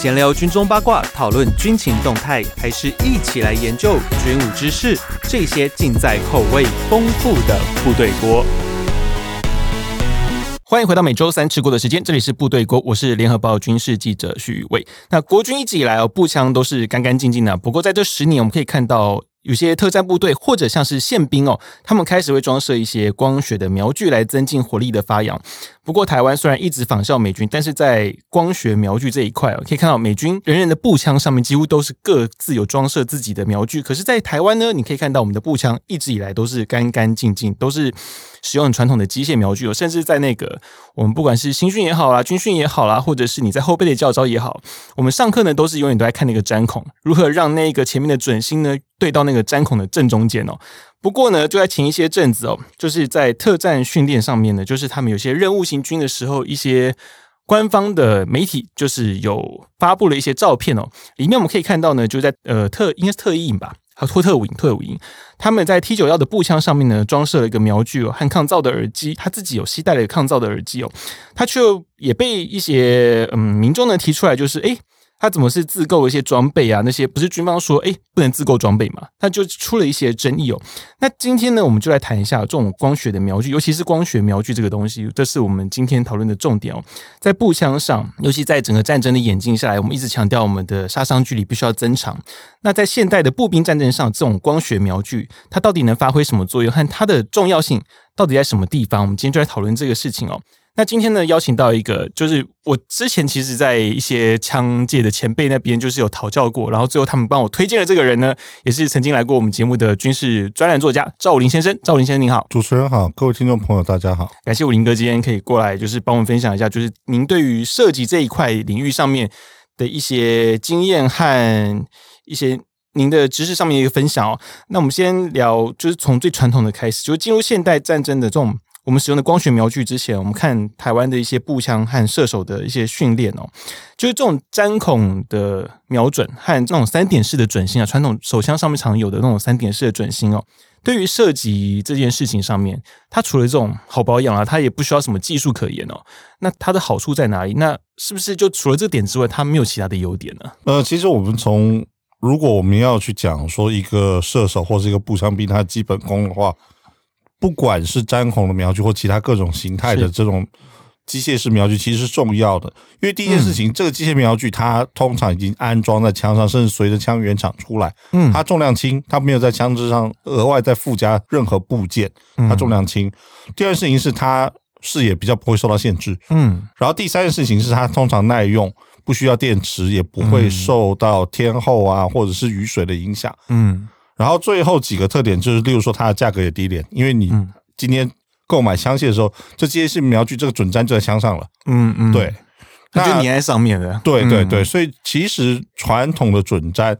閒聊軍中八卦，討論軍情動態，還是一起來研究軍武知識？這些盡在口味豐富的部隊鍋。歡迎回到每週三吃鍋的時間，這裡是部隊鍋，我是聯合報軍事記者徐宇威。那國軍一直以來哦，步槍都是乾乾淨淨的。不過在這十年，我們可以看到。有些特戰部隊或者像是憲兵哦，他們開始會裝設一些光學的瞄具來增進火力的發揚。不過台灣雖然一直仿效美軍，但是在光學瞄具這一塊哦，可以看到美軍人人的步槍上面幾乎都是各自有裝設自己的瞄具。可是，在台灣呢，你可以看到我們的步槍一直以來都是干干淨淨，都是使用很傳統的機械瞄具哦，甚至在那個我們不管是新訓也好啦、啊，軍訓也好啦、啊，或者是你在後備的教召也好，我們上課呢都是永遠都在看那個覘孔，如何讓那個前面的準心呢？對到那個粘孔的正中間哦。不過呢，就在前一些陣子哦，就是在特戰訓練上面呢，就是他們有些任務行軍的時候，一些官方的媒體就是有發布了一些照片哦。裡面我們可以看到呢，就在呃特應該是特一營吧，還有特五營、特五營，他們在 T 九幺的步槍上面呢裝設了一個瞄具哦和抗噪的耳機，他自己有攜帶了抗噪的耳機哦，他卻也被一些嗯民眾呢提出來，就是哎、誒他怎麼是自購一些裝備啊？那些不是軍方說誒、欸，不能自購裝備嘛？他就出了一些爭議哦。那今天呢，我們就來談一下這種光學的瞄具，尤其是光學瞄具這個東西，這是我們今天討論的重點哦。在步槍上，尤其在整個戰爭的演進下來，我們一直強調我們的殺傷距離必須要增長。那在現代的步兵戰爭上，這種光學瞄具它到底能發揮什麼作用，和它的重要性？到底在什麼地方？我們今天就來討論這個事情哦、喔。那今天呢，邀請到一個，就是我之前其實，在一些槍界的前輩那邊，就是有討教過，然後最後他們幫我推薦的這個人呢，也是曾經來過我們節目的軍事專欄作家趙武靈先生。趙武靈先生您好，主持人好，各位聽眾朋友大家好，感謝武靈哥今天可以過來，就是幫我們分享一下，就是您對於射擊這一塊領域上面的一些經驗和一些。您的知識上面一個分享哦，那我們先聊，就是從最傳統的開始，就是進入現代戰爭的這種我們使用的光學瞄具之前，我們看台灣的一些步槍和射手的一些訓練哦，就是這種覘孔的瞄準和這種三點式的準心啊，傳統手槍上面常有的那種三點式的準心哦，對於射擊這件事情上面，它除了這種好保養啊，它也不需要什麼技術可言哦。那它的好處在哪裡？那是不是就除了這點之外，它沒有其他的優點呢、啊？呃，其實我們從如果我們要去講說一個射手或是一個步槍兵，他的基本功的話，不管是覘孔的瞄具或其他各種形態的這種機械式瞄具，其實是重要的。因為第一件事情，這個機械瞄具它通常已經安裝在槍上，甚至隨着槍原廠出來，嗯，它重量輕，它沒有在槍支上額外再附加任何部件，它重量輕。第二件事情是它視野比較不會受到限制，嗯，然後第三件事情是它通常耐用。不需要電池，也不會受到天候啊、嗯、或者是雨水的影響。嗯，然後最後幾個特點就是，例如說它的價格也低廉，因為你今天購買槍械的時候，嗯、這些是瞄具這個準粘就在槍上了。嗯嗯，嗯對，那就粘在上面的。對,對對對，嗯、所以其實傳統的準粘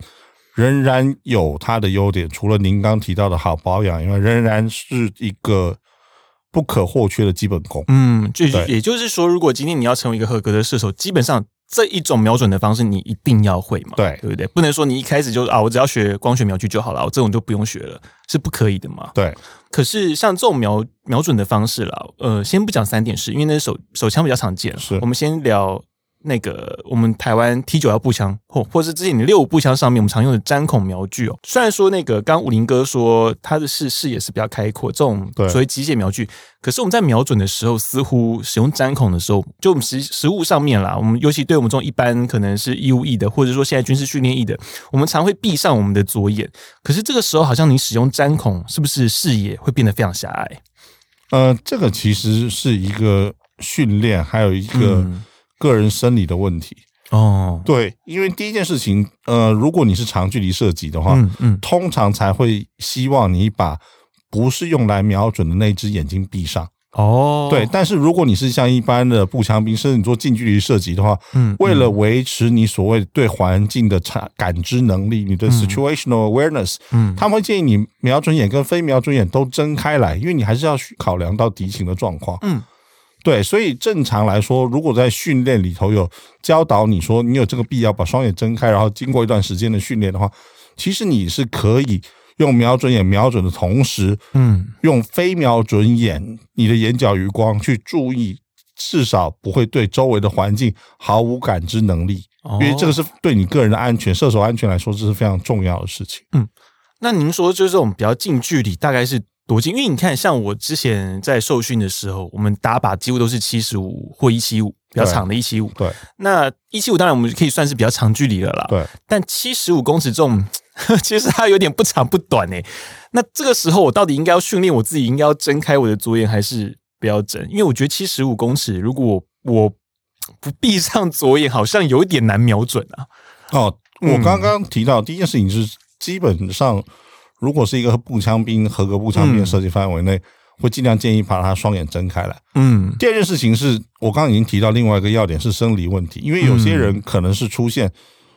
仍然有它的優點，除了您剛提到的好保養以外，因為仍然是一個不可或缺的基本功。嗯，就對也就是說，如果今天你要成為一個合格的射手，基本上。這一種瞄準的方式，你一定要會嘛？對，對不對？不能說你一開始就啊，我只要學光學瞄具就好了，我這種就不用學了，是不可以的嘛？對。可是像這種瞄瞄準的方式啦，呃，先不講三點式，因為那手手槍比較常見，是我們先聊那個我們台灣 T 九幺步槍，或或者是之前的六五步槍上面我們常用的覘孔瞄具哦，雖然說那個剛武靈哥說他的視視野是比較開闊，這種所謂機械瞄具，對 可是我們在瞄準的時候，似乎使用覘孔的時候，就我們實實物上面啦，我們尤其對我們這種一般可能是義務役的，或者說現在軍事訓練役的，我們常會閉上我們的左眼，可是這個時候好像你使用覘孔，是不是視野會變得非常狹隘？呃，這個其實是一個訓練，還有一個。嗯個人生理的問題哦，對，因為第一件事情，呃，如果你是長距離射擊的話，嗯嗯，通常才會希望你把不是用來瞄準的那隻眼睛閉上哦，對。但是如果你是像一般的步槍兵，甚至你做近距離射擊的話，嗯嗯，為了維持你所謂對環境的產感知能力，你的 situational awareness，嗯嗯，他們會建議你瞄準眼跟非瞄準眼都睜開來，因為你還是要考量到敵情的狀況，嗯。對，所以正常來說，如果在訓練裡頭有教導你說你有這個必要把雙眼睜開，然後經過一段時間的訓練的話，其實你是可以用瞄準眼瞄準的同時，嗯，用非瞄準眼你的眼角餘光去注意，至少不會對周圍的環境毫無感知能力，因為這個是對你個人的安全、射手安全來說，這是非常重要的事情。嗯，那您說就是這種比較近距離，大概是？多近？因為你看，像我之前在受訓的時候，我們打靶幾乎都是七十五或一七五，比較長的一七五。對，那一七五當然我們就可以算是比較長距離了啦。對，但七十五公尺這種，其實它有點不長不短哎、欸。那這個時候我到底應該要訓練我自己，應該要睜開我的左眼，還是不要睜？因為我覺得七十五公尺，如果我不閉上左眼，好像有一點難瞄準啊。哦，我剛剛提到第一件事情是基本上。如果是一個步槍兵，合格步槍兵的射擊範圍內，嗯，會儘量建議把他雙眼睜開來。嗯，第二件事情是，我剛剛已經提到另外一個要點是生理問題，因為有些人可能是出現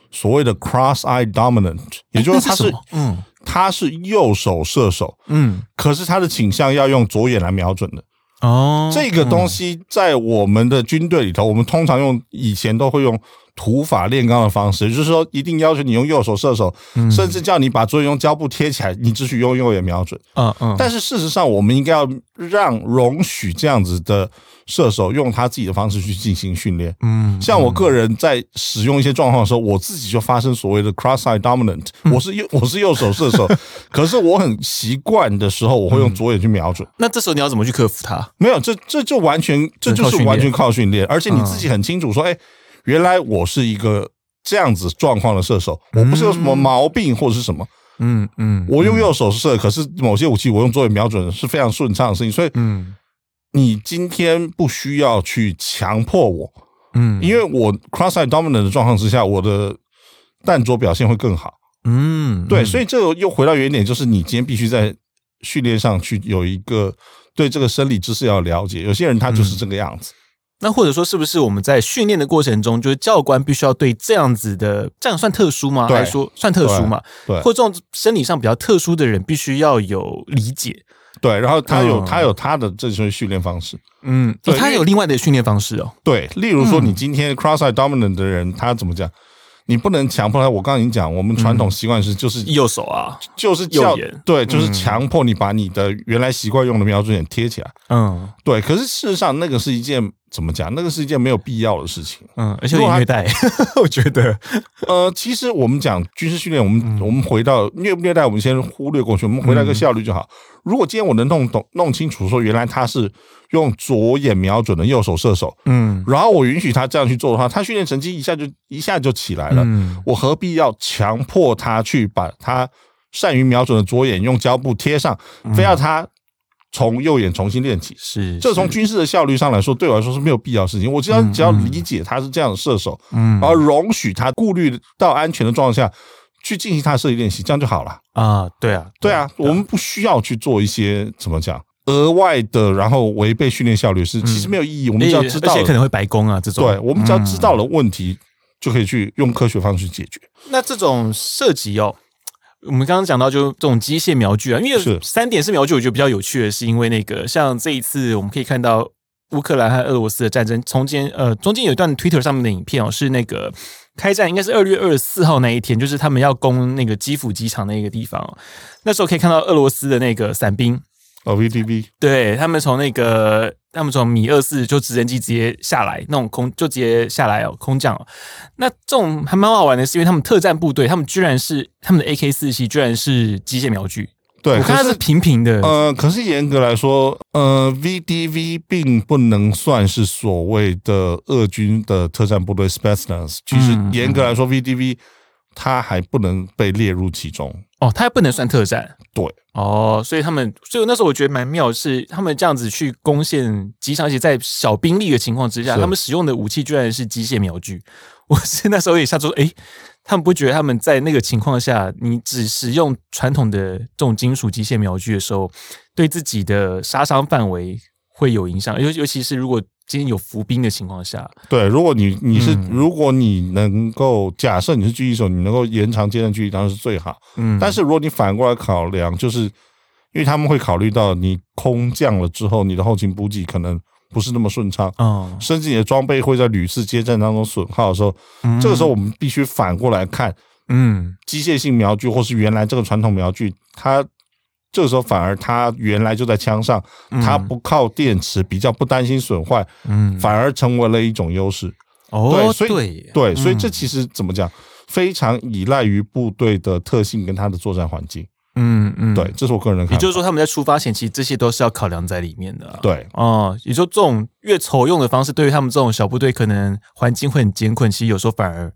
所謂的 cross eye dominant，嗯，也就是他是，嗯，他是右手射手，嗯，可是他的傾向要用左眼來瞄準的。哦，這個東西在我們的軍隊裡頭，我們通常用以前都會用土法煉鋼的方式，也就是說，一定要求你用右手射手，甚至叫你把左眼用膠布貼起來，你只許用右眼瞄準。嗯嗯。但是事實上，我們應該要讓容許這樣子的。射手用他自己的方式去進行訓練，嗯，嗯，像我個人在使用一些狀況的時候，我自己就發生所謂的 cross、嗯、side dominant，我是右，我是右手射手， 可是我很習慣的時候，我會用左眼去瞄準。嗯、那這時候你要怎麼去克服它？沒有，這這就完全，這就是完全靠訓練，訓練嗯、而且你自己很清楚說，哎，原來我是一個這樣子狀況的射手，我不是有什麼毛病或者是什麼，嗯嗯，嗯，我用右手射，嗯、可是某些武器我用左眼瞄準是非常順暢的事情，所以嗯。你今天不需要去強迫我，嗯，因為我 cross eye dominant 的狀況之下，我的彈著表現會更好，嗯，嗯對，所以這個又回到原點，就是你今天必須在訓練上去有一個對這個生理知識要了解。有些人他就是這個樣子，嗯、那或者說是不是我們在訓練的過程中，就是教官必須要對這樣子的這樣算特殊嗎？對還是說算特殊嘛？對，或者這種生理上比較特殊的人，必須要有理解。對，然後他有、嗯、他有他的這些訓練方式，嗯、哦，他有另外的訓練方式哦。對，例如說你今天 cross eye dominant 的人，嗯、他怎麼講？你不能強迫他。我剛才已經講，我們傳統習慣是就是、嗯、右手啊，就是右眼，對，就是強迫你把你的原來習慣用的瞄準眼貼起來。嗯，對。可是事實上，那個是一件。怎麼講？那個是一件沒有必要的事情，嗯，而且虐待， 我覺得，呃，其實我們講軍事訓練，我們、嗯、我們回到虐不虐待，我們先忽略過去，我們回到一個效率就好。嗯、如果今天我能弄懂、弄清楚，說原來他是用左眼瞄準的右手射手，嗯，然後我允許他這樣去做的話，他訓練成績一下就一下就起來了。嗯、我何必要強迫他去把他善於瞄準的左眼用膠布貼上，嗯、非要他？從右眼重新練起，是，是這從軍事的效率上來說，對我來說是沒有必要的事情。我只要只要理解他是這樣的射手，嗯，而容許他顧慮到安全的狀況下，去進行他的射擊練習，這樣就好了啊。對啊，對啊，對啊、我們不需要去做一些怎麼講對、啊、額外的，然後違背訓練效率，是其實沒有意義。嗯、我們只要知道，而且可能會白工啊，這種，對，我們只要知道了問題，就可以去用科學方式去解決。嗯、那這種射擊哦。我們剛剛講到，就這種機械瞄具啊，因為三點式瞄具，我覺得比較有趣的是，因為那個像這一次，我們可以看到烏克蘭和俄羅斯的戰爭中間，呃，中間有一段 Twitter 上面的影片哦，是那個開戰應該是二月二十四號那一天，就是他們要攻那個基輔機場那個地方哦，那時候可以看到俄羅斯的那個傘兵。哦、oh，V D V，對他們從那個，他們從米二四就直升機直接下來，那種空就直接下來哦，空降、哦、那這種還蠻好玩的，是因為他們特戰部隊，他們居然是他們的 A K 四七居然是機械瞄具，對，我看它是平平的。呃，可是嚴格來說，呃，V D V 並不能算是所謂的俄軍的特戰部隊 Specials，其實嚴格來說、嗯、，V D V 它還不能被列入其中。哦，它還不能算特戰。對，哦，所以他們，所以那時候我覺得蠻妙的是，他們這樣子去攻陷機場，而且在小兵力的情況之下，是他們使用的武器居然是機械瞄具。我是那時候也想說，誒，他們不覺得他們在那個情況下，你只使用傳統的這種金屬機械瞄具的時候，對自己的殺傷範圍。會有影響，尤尤其是如果今天有伏兵的情況下，對，如果你你是如果你能夠假設你是狙擊手，你能夠延長接戰距離當然是最好。嗯，但是如果你反過來考量，就是因為他們會考慮到你空降了之後，你的後勤補給可能不是那麼順暢，嗯、哦，甚至你的裝備會在屢次接戰當中損耗的時候，嗯、這個時候我們必須反過來看，嗯，機械性瞄具或是原來這個傳統瞄具，它。這個時候反而它原來就在槍上，它、嗯、不靠電池，比較不擔心損壞，嗯，反而成為了一種優勢。哦，對，對，嗯、所以這其實怎麼講，嗯、非常依賴於部隊的特性跟它的作戰環境。嗯嗯，嗯對，這是我個人看法。也就是說，他們在出發前，其實這些都是要考量在裡面的。對，哦，也就是這種越籌用的方式，對於他們這種小部隊，可能環境會很艱困。其實有時候反而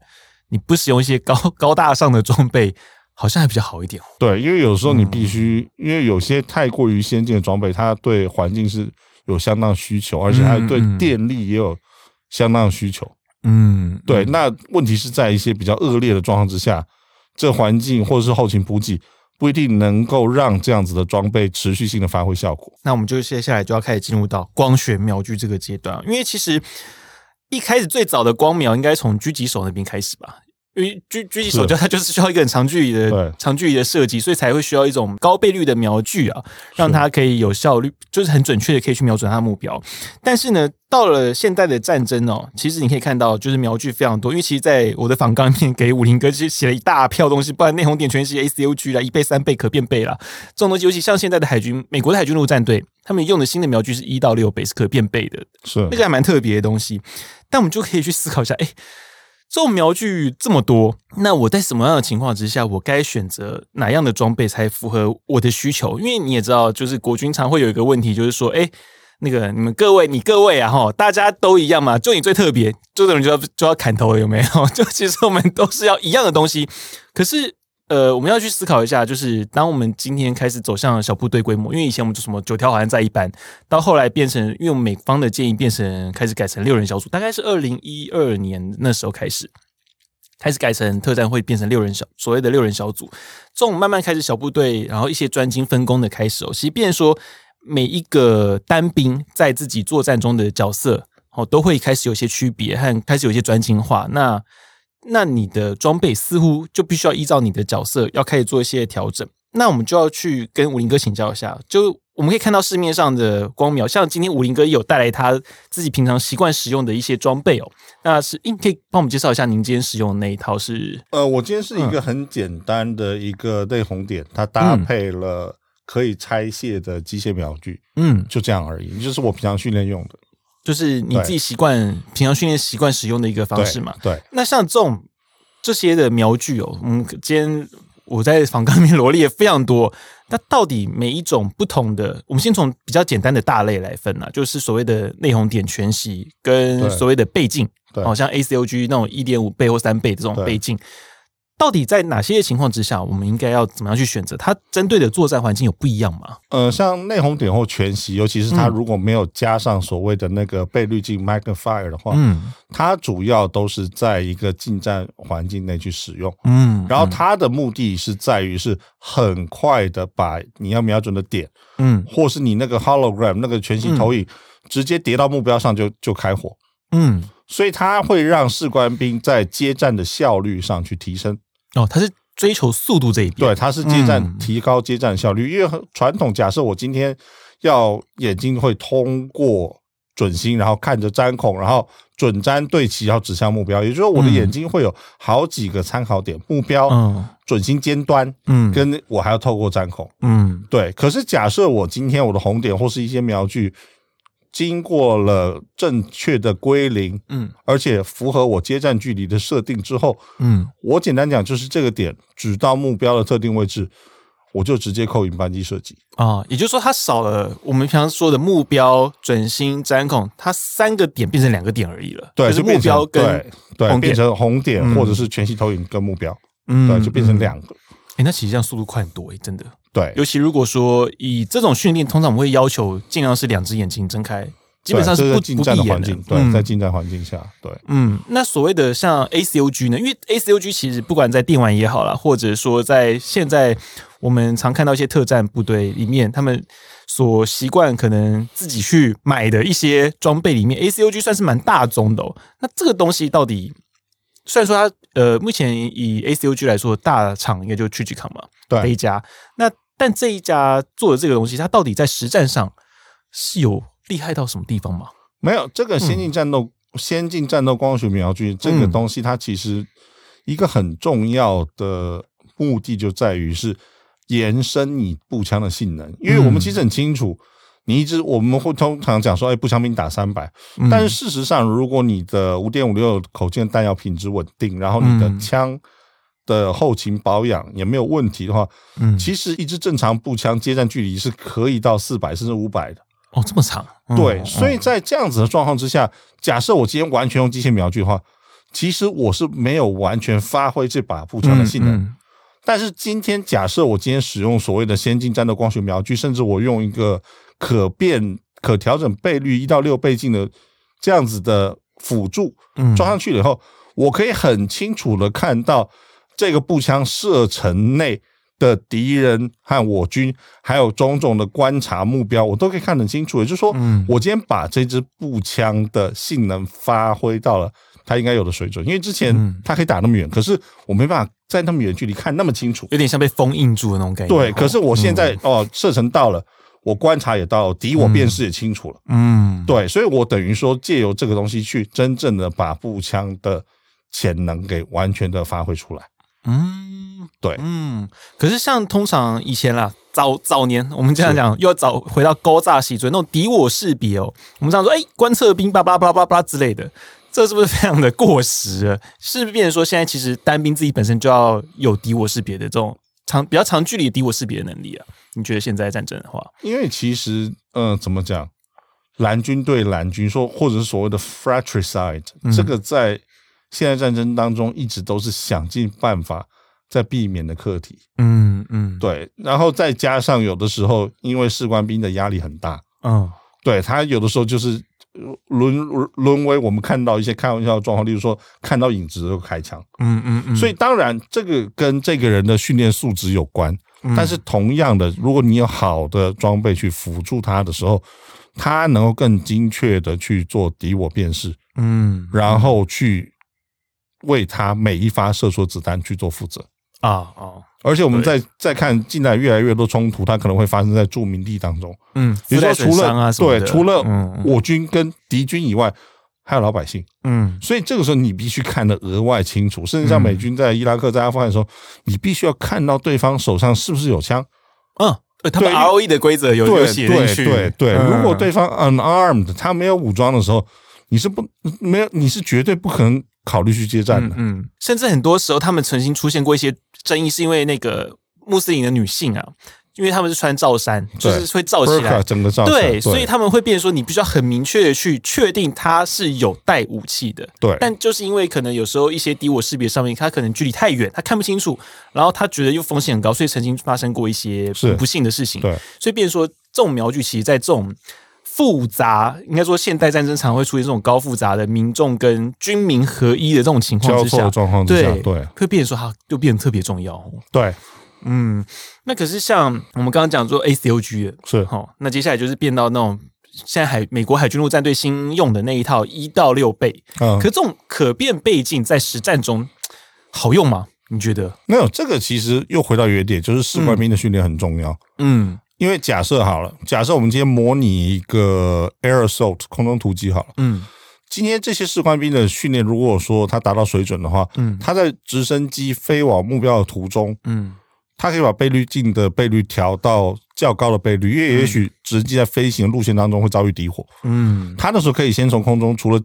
你不使用一些高高大上的裝備。好像還比較好一點、哦、對，因為有時候你必須，嗯、因為有些太過於先進的裝備，它對環境是有相當需求，而且它對電力也有相當需求。嗯，對。嗯、那問題是在一些比較惡劣的狀況之下，嗯、這環境或者是後勤補給不一定能夠讓這樣子的裝備持續性的發揮效果。那我們就接下來就要開始進入到光學瞄具這個階段，因為其實一開始最早的光瞄應該從狙擊手那邊開始吧。因為狙狙擊手，就他就是需要一個很長距離的長距離的設計，所以才會需要一種高倍率的瞄具啊，讓他可以有效率，就是很準確的可以去瞄準他的目標。但是呢，到了現代的戰爭哦、喔，其實你可以看到，就是瞄具非常多。因為其實，在我的訪綱裡面給武林哥去寫了一大票東西，不然內紅點全息 ACOG 啦，一倍、三倍可變倍啦，這種東西，尤其像現在的海軍，美國的海軍陸戰隊，他們用的新的瞄具是一到六倍，是可變倍的，是，那個還蠻特別的東西。但我們就可以去思考一下，哎。這種瞄具這麼多，那我在什麼樣的情況之下，我該選擇哪樣的裝備才符合我的需求？因為你也知道，就是國軍常會有一個問題，就是說，哎、欸，那個你們各位，你各位啊，哈，大家都一樣嘛，就你最特別，就這種就要就要砍頭了，有沒有？就其實我們都是要一樣的東西，可是。呃，我們要去思考一下，就是當我們今天開始走向小部隊規模，因為以前我們就什麼九條好像在一班，到後來變成，因為我們美方的建議變成開始改成六人小組，大概是二零一二年那時候開始，開始改成特戰會變成六人小所謂的六人小組，這種慢慢開始小部隊，然後一些專精分工的開始哦，即便說每一個單兵在自己作戰中的角色哦，都會開始有些區別和開始有些專精化那。那你的裝備似乎就必須要依照你的角色要開始做一些調整。那我們就要去跟武靈哥請教一下。就我們可以看到市面上的光瞄，像今天武靈哥也有帶來他自己平常習慣使用的一些裝備哦。那是，你可以幫我們介紹一下您今天使用的那一套是？呃，我今天是一個很簡單的一個內紅點，嗯，它搭配了可以拆卸的機械瞄具，嗯，就這樣而已，就是我平常訓練用的。就是你自己習慣、平常訓練習慣使用的一個方式嘛？對。對那像這種這些的瞄具哦，嗯，今天我在房間裡面羅列也非常多。那到底每一種不同的，我們先從比較簡單的大類來分啊，就是所謂的內紅點全息跟所謂的倍鏡，好、哦、像 ACOG 那種一點五倍或三倍的這種倍鏡。到底在哪些情況之下，我們應該要怎麼樣去選擇？它針對的作戰環境有不一樣嗎？呃，像內紅點或全息，尤其是它如果沒有加上所謂的那個倍率鏡 （magnifier） 的話，嗯，它主要都是在一個近戰環境內去使用，嗯，嗯，然後它的目的是在於是很快的把你要瞄準的點，嗯，或是你那個 hologram 那個全息投影，嗯，直接疊到目標上就就開火，嗯，所以它會讓士官兵在接戰的效率上去提升。哦，它是追求速度這一點。對，它是接戰提高接戰效率，嗯、因為傳統假設我今天要眼睛會通過準星，然後看着覘孔，然後準覘對齊要指向目標，也就是說我的眼睛會有好幾個參考點，目標、嗯、準星尖端，嗯，跟我還要透過覘孔，嗯，對。可是假設我今天我的紅點或是一些瞄具。經過了正確的歸零，嗯，而且符合我接戰距離的設定之後，嗯，我簡單講就是這個點，指到目標的特定位置，我就直接扣引扳機射擊，啊、哦，也就是說，它少了我們平常說的目標、準星、覘孔，它三個點變成兩個點而已了。對，就，就是目標跟紅對對，變成紅點、嗯、或者是全息投影跟目標，嗯對，就變成兩個。嗯嗯哎、欸，那其實這樣速度快很多。哎、欸，真的。對，尤其如果說以這種訓練，通常我們會要求盡量是兩隻眼睛睜開，基本上是不的境不閉眼睛。對，在近戰環境下，對。嗯，那所謂的像 A C O G 呢？因為 A C O G 其實不管在電玩也好啦，或者說在現在我們常看到一些特戰部隊裡面，他們所習慣可能自己去買的一些裝備裡面，A C O G 算是蠻大宗的。喔。哦，那這個東西到底？雖然說它呃，目前以 ACOG 來說，大廠應該就 Trijicon 嘛，對一家。那但這一家做的這個東西，它到底在實戰上是有厲害到什麼地方嗎？沒有這個先進戰鬥、嗯、先進戰鬥光學瞄具這個東西，它其實一個很重要的目的就在於是延伸你步槍的性能，因為我們其實很清楚。嗯嗯你一支我們會通常講說，哎，步槍兵打三百，嗯，但是事實上，如果你的五點五六口徑彈藥品質穩定，然後你的槍的後勤保養也沒有問題的話，嗯、其實一支正常步槍接戰距離是可以到四百甚至五百的。哦，這麼長？對，嗯、所以在這樣子的狀況之下，假設我今天完全用機械瞄具的話，其實我是沒有完全發揮這把步槍的性能。嗯嗯、但是今天假設我今天使用所謂的先進戰鬥光學瞄具，甚至我用一個。可變可調整倍率一到六倍鏡的這樣子的輔助裝上去了以後，嗯、我可以很清楚的看到這個步槍射程內的敵人和我軍，還有種種的觀察目標，我都可以看得很清楚。也就是說，我今天把這支步槍的性能發揮到了它應該有的水準。因為之前它可以打那麼遠，嗯、可是我沒辦法在那麼遠距離看那麼清楚，有點像被封印住的那種感覺。對，哦、可是我現在、嗯、哦，射程到了。我觀察也到了，敵我辨識也清楚了。嗯，嗯對，所以我等於說借由這個東西去真正的把步槍的潛能給完全的發揮出來。嗯，對，嗯。可是像通常以前啦，早早年我們這樣講，是又要早回到高炸細就那種敵我識別哦，我們常說哎、欸，觀測兵叭叭叭叭叭之類的，這是不是非常的過時啊？是不是變成說現在其實單兵自己本身就要有敵我識別的這種？長比較長距離敵我識別的能力啊？你覺得現在戰爭的話？因為其實，嗯、呃，怎麼講，藍軍對藍軍說，或者是所謂的 fratricide，、嗯、這個在現代戰爭當中一直都是想盡辦法在避免的課題。嗯嗯，嗯對。然後再加上有的時候，因為士官兵的壓力很大，嗯、哦。對，他有的時候就是淪淪為我們看到一些開玩笑的狀況，例如說看到影子就開槍。嗯，嗯嗯，所以當然這個跟這個人的訓練素質有關，嗯，但是同樣的，如果你有好的裝備去輔助他的時候，他能夠更精確的去做敵我辨識，嗯，然後去為他每一發射出子彈去做負責。啊啊！哦哦、而且我們再再看近代越來越多衝突，它可能會發生在住民地當中。嗯，比如說除了對，除了我軍跟敵軍以外，嗯、還有老百姓。嗯，所以這個時候你必須看得額外清楚。甚至像美軍在伊拉克、在阿富汗的時候，嗯、你必須要看到對方手上是不是有槍。嗯，對，ROE 的規則有有寫。對對對，如果對方 unarmed，他沒有武裝的時候，你是不沒有，你是絕對不可能考慮去接戰的，嗯，甚至很多時候他們曾經出現過一些爭議，是因為那個穆斯林的女性啊，因為他們是穿罩衫，就是會罩起來，對整個罩，對，對所以他們會變成說，你必須要很明確的去確定他是有帶武器的，對，但就是因為可能有時候一些敵我識別上面，他可能距離太遠，他看不清楚，然後他覺得又風險很高，所以曾經發生過一些不幸的事情，對，所以變成說這種瞄具，其實在這種。複雜應該說，現代戰爭常,常會出現這種高複雜的民眾跟軍民合一的這種情況之下，對對，會對變成說它、啊、就變得特別重要。對，嗯，那可是像我們剛剛講說 ACOG 的是哈，那接下來就是變到那種現在海美國海軍陸戰隊新用的那一套一到六倍，嗯、可是這種可變倍鏡在實戰中好用嗎？你覺得？沒有、no, 這個，其實又回到原點，就是士官兵的訓練很重要。嗯。嗯因為假設好了，假設我們今天模擬一個 air assault 空中突擊好了，嗯，今天這些士官兵的訓練，如果說他達到水準的話，嗯，他在直升機飛往目標的途中，嗯，他可以把倍率鏡的倍率調到較高的倍率，嗯、因為也許直升機在飛行的路線當中會遭遇敵火，嗯，他那時候可以先從空中，除了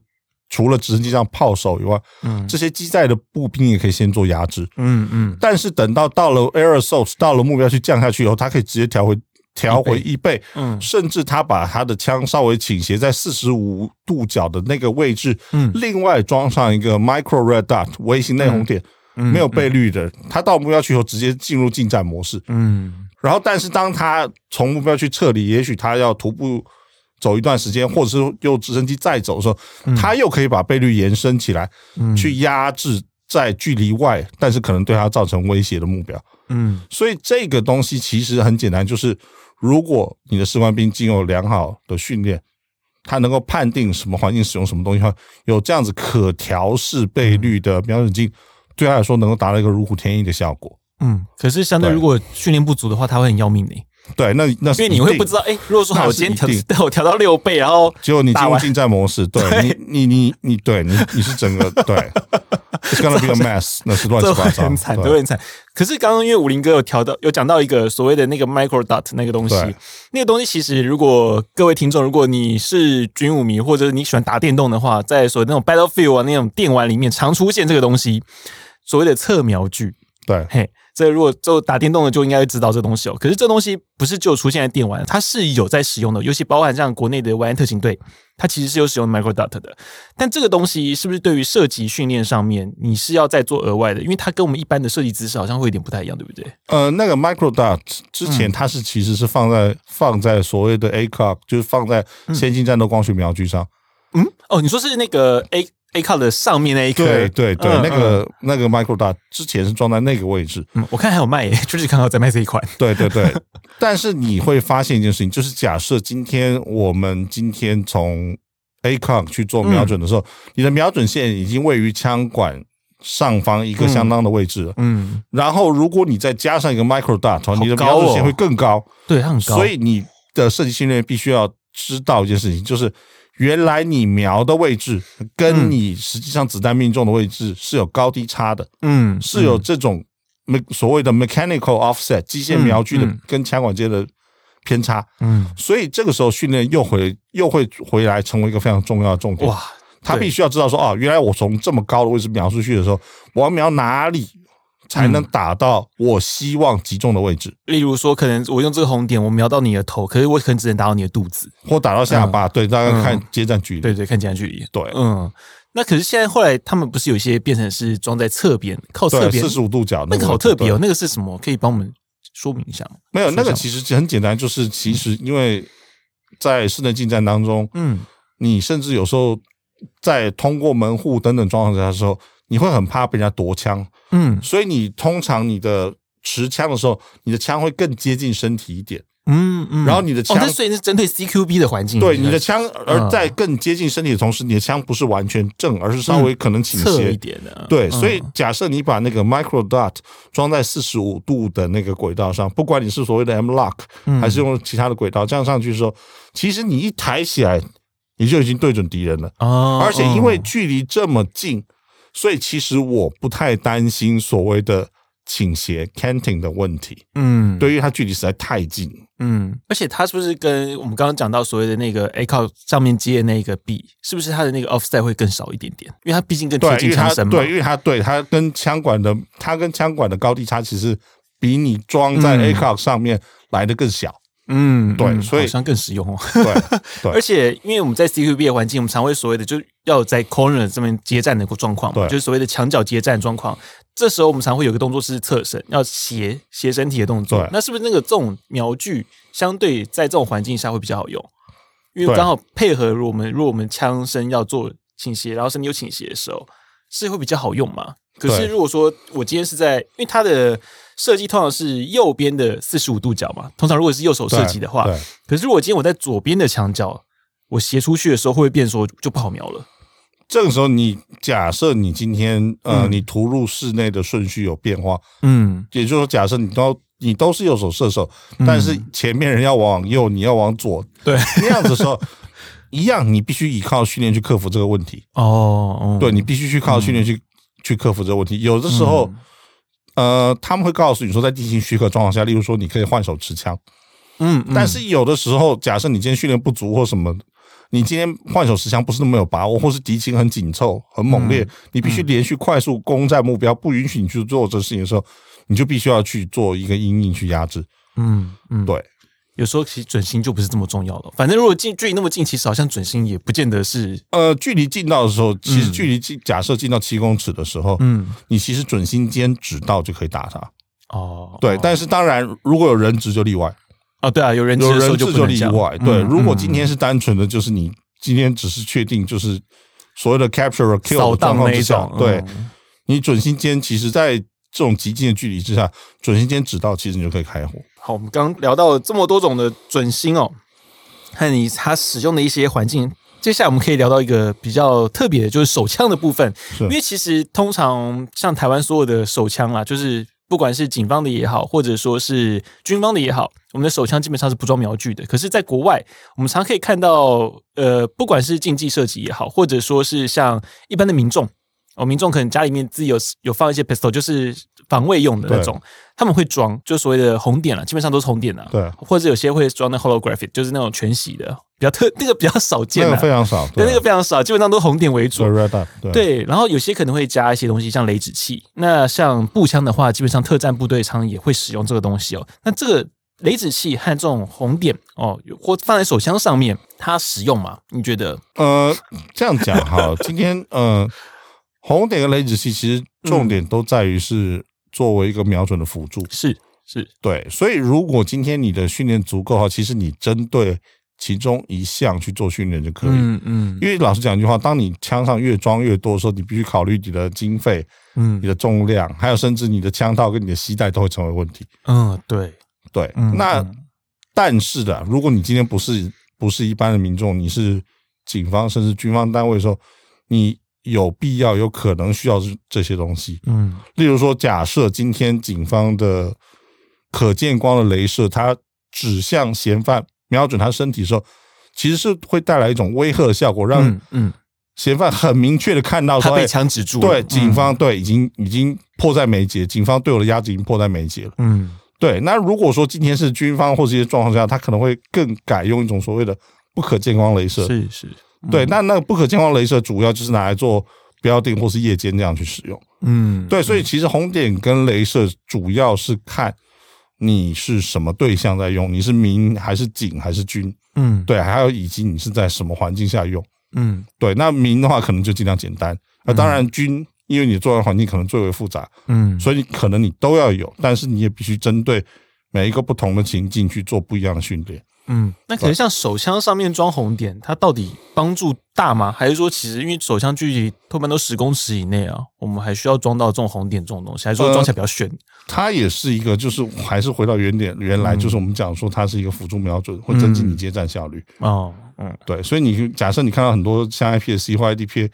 除了直升機上炮手以外，嗯，這些機載的步兵也可以先做壓制，嗯嗯，嗯但是等到到了 air assault 到了目標去降下去以後，他可以直接調回。調回一倍，一倍嗯、甚至他把他的槍稍微傾斜在四十五度角的那個位置，嗯，另外裝上一個 micro red dot 微型內紅點，嗯、沒有倍率的，嗯嗯、他到目標區後直接進入近戰模式，嗯，然後但是當他從目標區撤離，也許他要徒步走一段時間，嗯、或者是用直升機再走的時候，嗯、他又可以把倍率延伸起來，嗯、去壓制在距離外，但是可能對他造成威脅的目標，嗯，所以這個東西其實很簡單，就是。如果你的士官兵經有良好的訓練，他能夠判定什麼環境使用什麼東西，話有這樣子可調式倍率的瞄準鏡，嗯，對他來說能夠達到一個如虎添翼的效果。嗯，可是相對如果訓練不足的話，他會很要命的。對，那那，是因為你會不知道，哎、欸，如果說我先調，對我調到六倍，然後結果你進入近戰模式，對，對你，你你你，對你，你是整個對，剛剛那個 mess，那是亂七八糟，很慘，對，很慘，很慘。可是剛剛因為武林哥有調到，有講到一個所謂的那個 micro dot 那個東西，對那個東西其實如果各位聽眾，如果你是軍武迷或者是你喜歡打電動的話，在所謂那種 Battlefield 啊那種電玩裡面常出現這個東西，所謂的測瞄具。對，嘿，hey, 這如果就打電動的就應該會知道這東西哦。可是這東西不是就出現在電玩，它是有在使用的，尤其包含像國內的維安特勤隊，它其實是有使用 Micro Dot 的。但這個東西是不是對於射擊訓練上面，你是要再做額外的？因為它跟我們一般的射擊姿勢好像會有點不太一樣，對不對？呃，那個 Micro Dot 之前它是其實是放在放在所謂的 ACOG，、嗯、就是放在先進戰鬥光學瞄具上。嗯，哦，你說是那個 A。A c 殼的上面那一個，對對對，嗯嗯那個、嗯、那個 Micro d o t 之前是裝在那個位置。嗯、我看還有賣，就是剛好在賣這一款。對對對， 但是你會發現一件事情，就是假設今天我們今天從 A c 殼去做瞄準的時候，嗯、你的瞄準線已經位於槍管上方一個相當的位置了嗯。嗯，然後如果你再加上一個 Micro d o t、哦、你的瞄準線會更高。對，很高。所以你的射擊訓練必須要知道一件事情，就是。原來你瞄的位置，跟你實際上子彈命中的位置是有高低差的嗯，嗯，是有這種所謂的 mechanical offset（ 機械瞄具的）跟槍管間的偏差，嗯，嗯，所以這個時候訓練又回又會回來成為一個非常重要的重點。哇，他必須要知道說，哦對、啊，原來我從這麼高的位置瞄出去的時候，我要瞄哪裡？才能打到我希望擊中的位置。嗯、例如說，可能我用這個紅點，我瞄到你的頭，可是我可能只能打到你的肚子，或打到下巴。嗯、對，嗯、大家看接戰距離。對對，看接戰距離。對，嗯。那可是現在後來他們不是有一些變成是裝在側邊，靠側邊四十五度角，那個。那個好特別哦，喔，對那個是什麼？可以幫我們說明一下嗎？沒有，那個其實很簡單，就是其實因為在室內近戰當中，嗯，你甚至有時候在通過門戶等等狀況下的時候。你會很怕被人家奪槍，嗯，所以你通常你的持槍的時候，你的槍會更接近身體一點，嗯嗯，然後你的槍，這雖然是針對 CQB 的環境，對你的槍，而在更接近身體的同時，你的槍不是完全正，而是稍微可能傾斜一點的，對。所以假設你把那個 micro dot 裝在四十五度的那個軌道上，不管你是所謂的 M lock 還是用其他的軌道，這樣上去的時候，其實你一抬起來，你就已經對準敵人了哦，而且因為距離這麼近。所以其實我不太擔心所謂的傾斜 Canting 的問題，嗯，對於它距離實在太近，嗯，而且它是不是跟我們剛剛講到所謂的那個 ACOG 上面接的那個 B，是不是它的那個 offset 會更少一點點？因為它畢竟更貼近槍身嘛，對，因為它對，因為它，對它跟槍管的它跟槍管的高低差其實比你裝在 ACOG 上面來的更小。嗯嗯，對，所以、嗯、好像更實用哦 對。對，而且因為我們在 CQB 的環境，我們常會所謂的就要在 corner 這邊接戰的一個狀況嘛，就是所謂的牆角接戰狀況。這時候我們常會有個動作是側身，要斜斜身體的動作。那是不是那個這種瞄具相對在這種環境下會比較好用？因為剛好配合，如果我們如果我們槍身要做傾斜，然後身體有傾斜的時候，是會比較好用嘛？可是如果說我今天是在因為他的。射擊通常是右邊的四十五度角嘛，通常如果是右手射擊的話，對。可是如果今天我在左邊的牆角，我斜出去的時候，會不會變成說就不好瞄了？這個時候，你假設你今天呃，嗯、你突入室內的順序有變化，嗯，也就是說，假設你都你都是右手射手，嗯、但是前面人要往右，你要往左，對，那樣子的時候， 一樣，你必須依靠訓練去克服這個問題。哦，哦對，你必須去靠訓練去、嗯、去克服這個問題。有的時候。嗯呃，他們會告訴你說，在地形許可狀況下，例如說，你可以換手持槍，嗯，嗯，但是有的時候，假設你今天訓練不足或什麼，你今天換手持槍不是那麼有把握，或是敵情很緊湊、很猛烈，嗯，你必須連續快速攻占目標，不允許你去做這事情的時候，你就必須要去做一個陰影去壓制，嗯嗯，嗯對。有時候其實準心就不是這麼重要了，反正如果近距離那麼近，其實好像準心也不見得是。呃，距離近到的時候，其實距離近，假設近到七公尺的時候，嗯，你其實準心尖指到就可以打他。哦，對。哦、但是當然，如果有人質就例外。啊、哦，對啊，有人質人時候就,不人就例外。對，嗯、如果今天是單純的，就是你今天只是確定，就是所謂的 capture or kill，掃蕩那種。嗯、對，你準心尖其實，在這種極近的距離之下，準心尖指到，其實你就可以開火。好，我們剛聊到了這麼多種的準星哦、喔，看你他使用的一些環境。接下來我們可以聊到一個比較特別的，就是手槍的部分，是因為其實通常像台灣所有的手槍啊，就是不管是警方的也好，或者說是軍方的也好，我們的手槍基本上是不裝瞄具的。可是，在國外，我們常可以看到，呃，不管是競技射擊也好，或者說是像一般的民眾。哦，民眾可能家裡面自己有有放一些 pistol，就是防衛用的那種，對他們會裝，就所謂的紅點了、啊，基本上都是紅點的、啊，對，或者有些會裝的 holographic，就是那種全息的，比較特，那個比較少見，那個非常少，對,對那個非常少，基本上都紅點為主，對, right、up, 對,對，然後有些可能會加一些東西，像雷子器。那像步槍的話，基本上特戰部隊槍也會使用這個東西哦。那這個雷子器和這種紅點哦，或放在手槍上面，它實用嗎？你覺得？呃，這樣講好， 今天呃。紅點跟雷子系其實重點都在於是、嗯、作為一個瞄準的輔助，是是，對。所以如果今天你的訓練足夠的話，其實你針對其中一項去做訓練就可以。嗯嗯。因為老實講一句話，當你槍上越裝越多的時候，你必須考慮你的經費，嗯，你的重量，還有甚至你的槍套跟你的攜帶都會成為問題。哦、對、對、嗯，對對。那但是的，如果你今天不是不是一般的民眾，你是警方甚至軍方單位的時候，你。有必要、有可能需要這些東西。嗯，例如說，假設今天警方的可見光的鐳射，它指向嫌犯，瞄準他身體的時候，其實是會帶來一種威嚇的效果，讓嗯嫌犯很明確的看到他被槍指住了。對，警方對已經已經迫在眉睫，警方對我的壓制已經迫在眉睫了。嗯，對。那如果說今天是軍方或是一些狀況下，他可能會更改用一種所謂的不可見光鐳射。是是。對，那那個不可見光鐳射主要就是拿來做標定或是夜間這樣去使用。嗯，對，所以其實紅點跟鐳射主要是看你是什麼對象在用，你是民還是警還是軍？嗯，對，還有以及你是在什麼環境下用？嗯，對，那民的話可能就盡量簡單，那、嗯、當然軍，因為你作戰環境可能最為複雜，嗯，所以可能你都要有，但是你也必須針對每一個不同的情境去做不一樣的訓練。嗯，那可能像手槍上面裝紅點，它到底幫助大嗎？還是說其實因為手槍距離多半都十公尺以內啊，我們還需要裝到這種紅點這種東西，還是說裝起來比較炫、呃？它也是一個，就是還是回到原點，原來就是我們講說它是一個輔助瞄準，會增進你接戰效率哦。嗯，對，所以你假設你看到很多像 IPSC 或 IDPA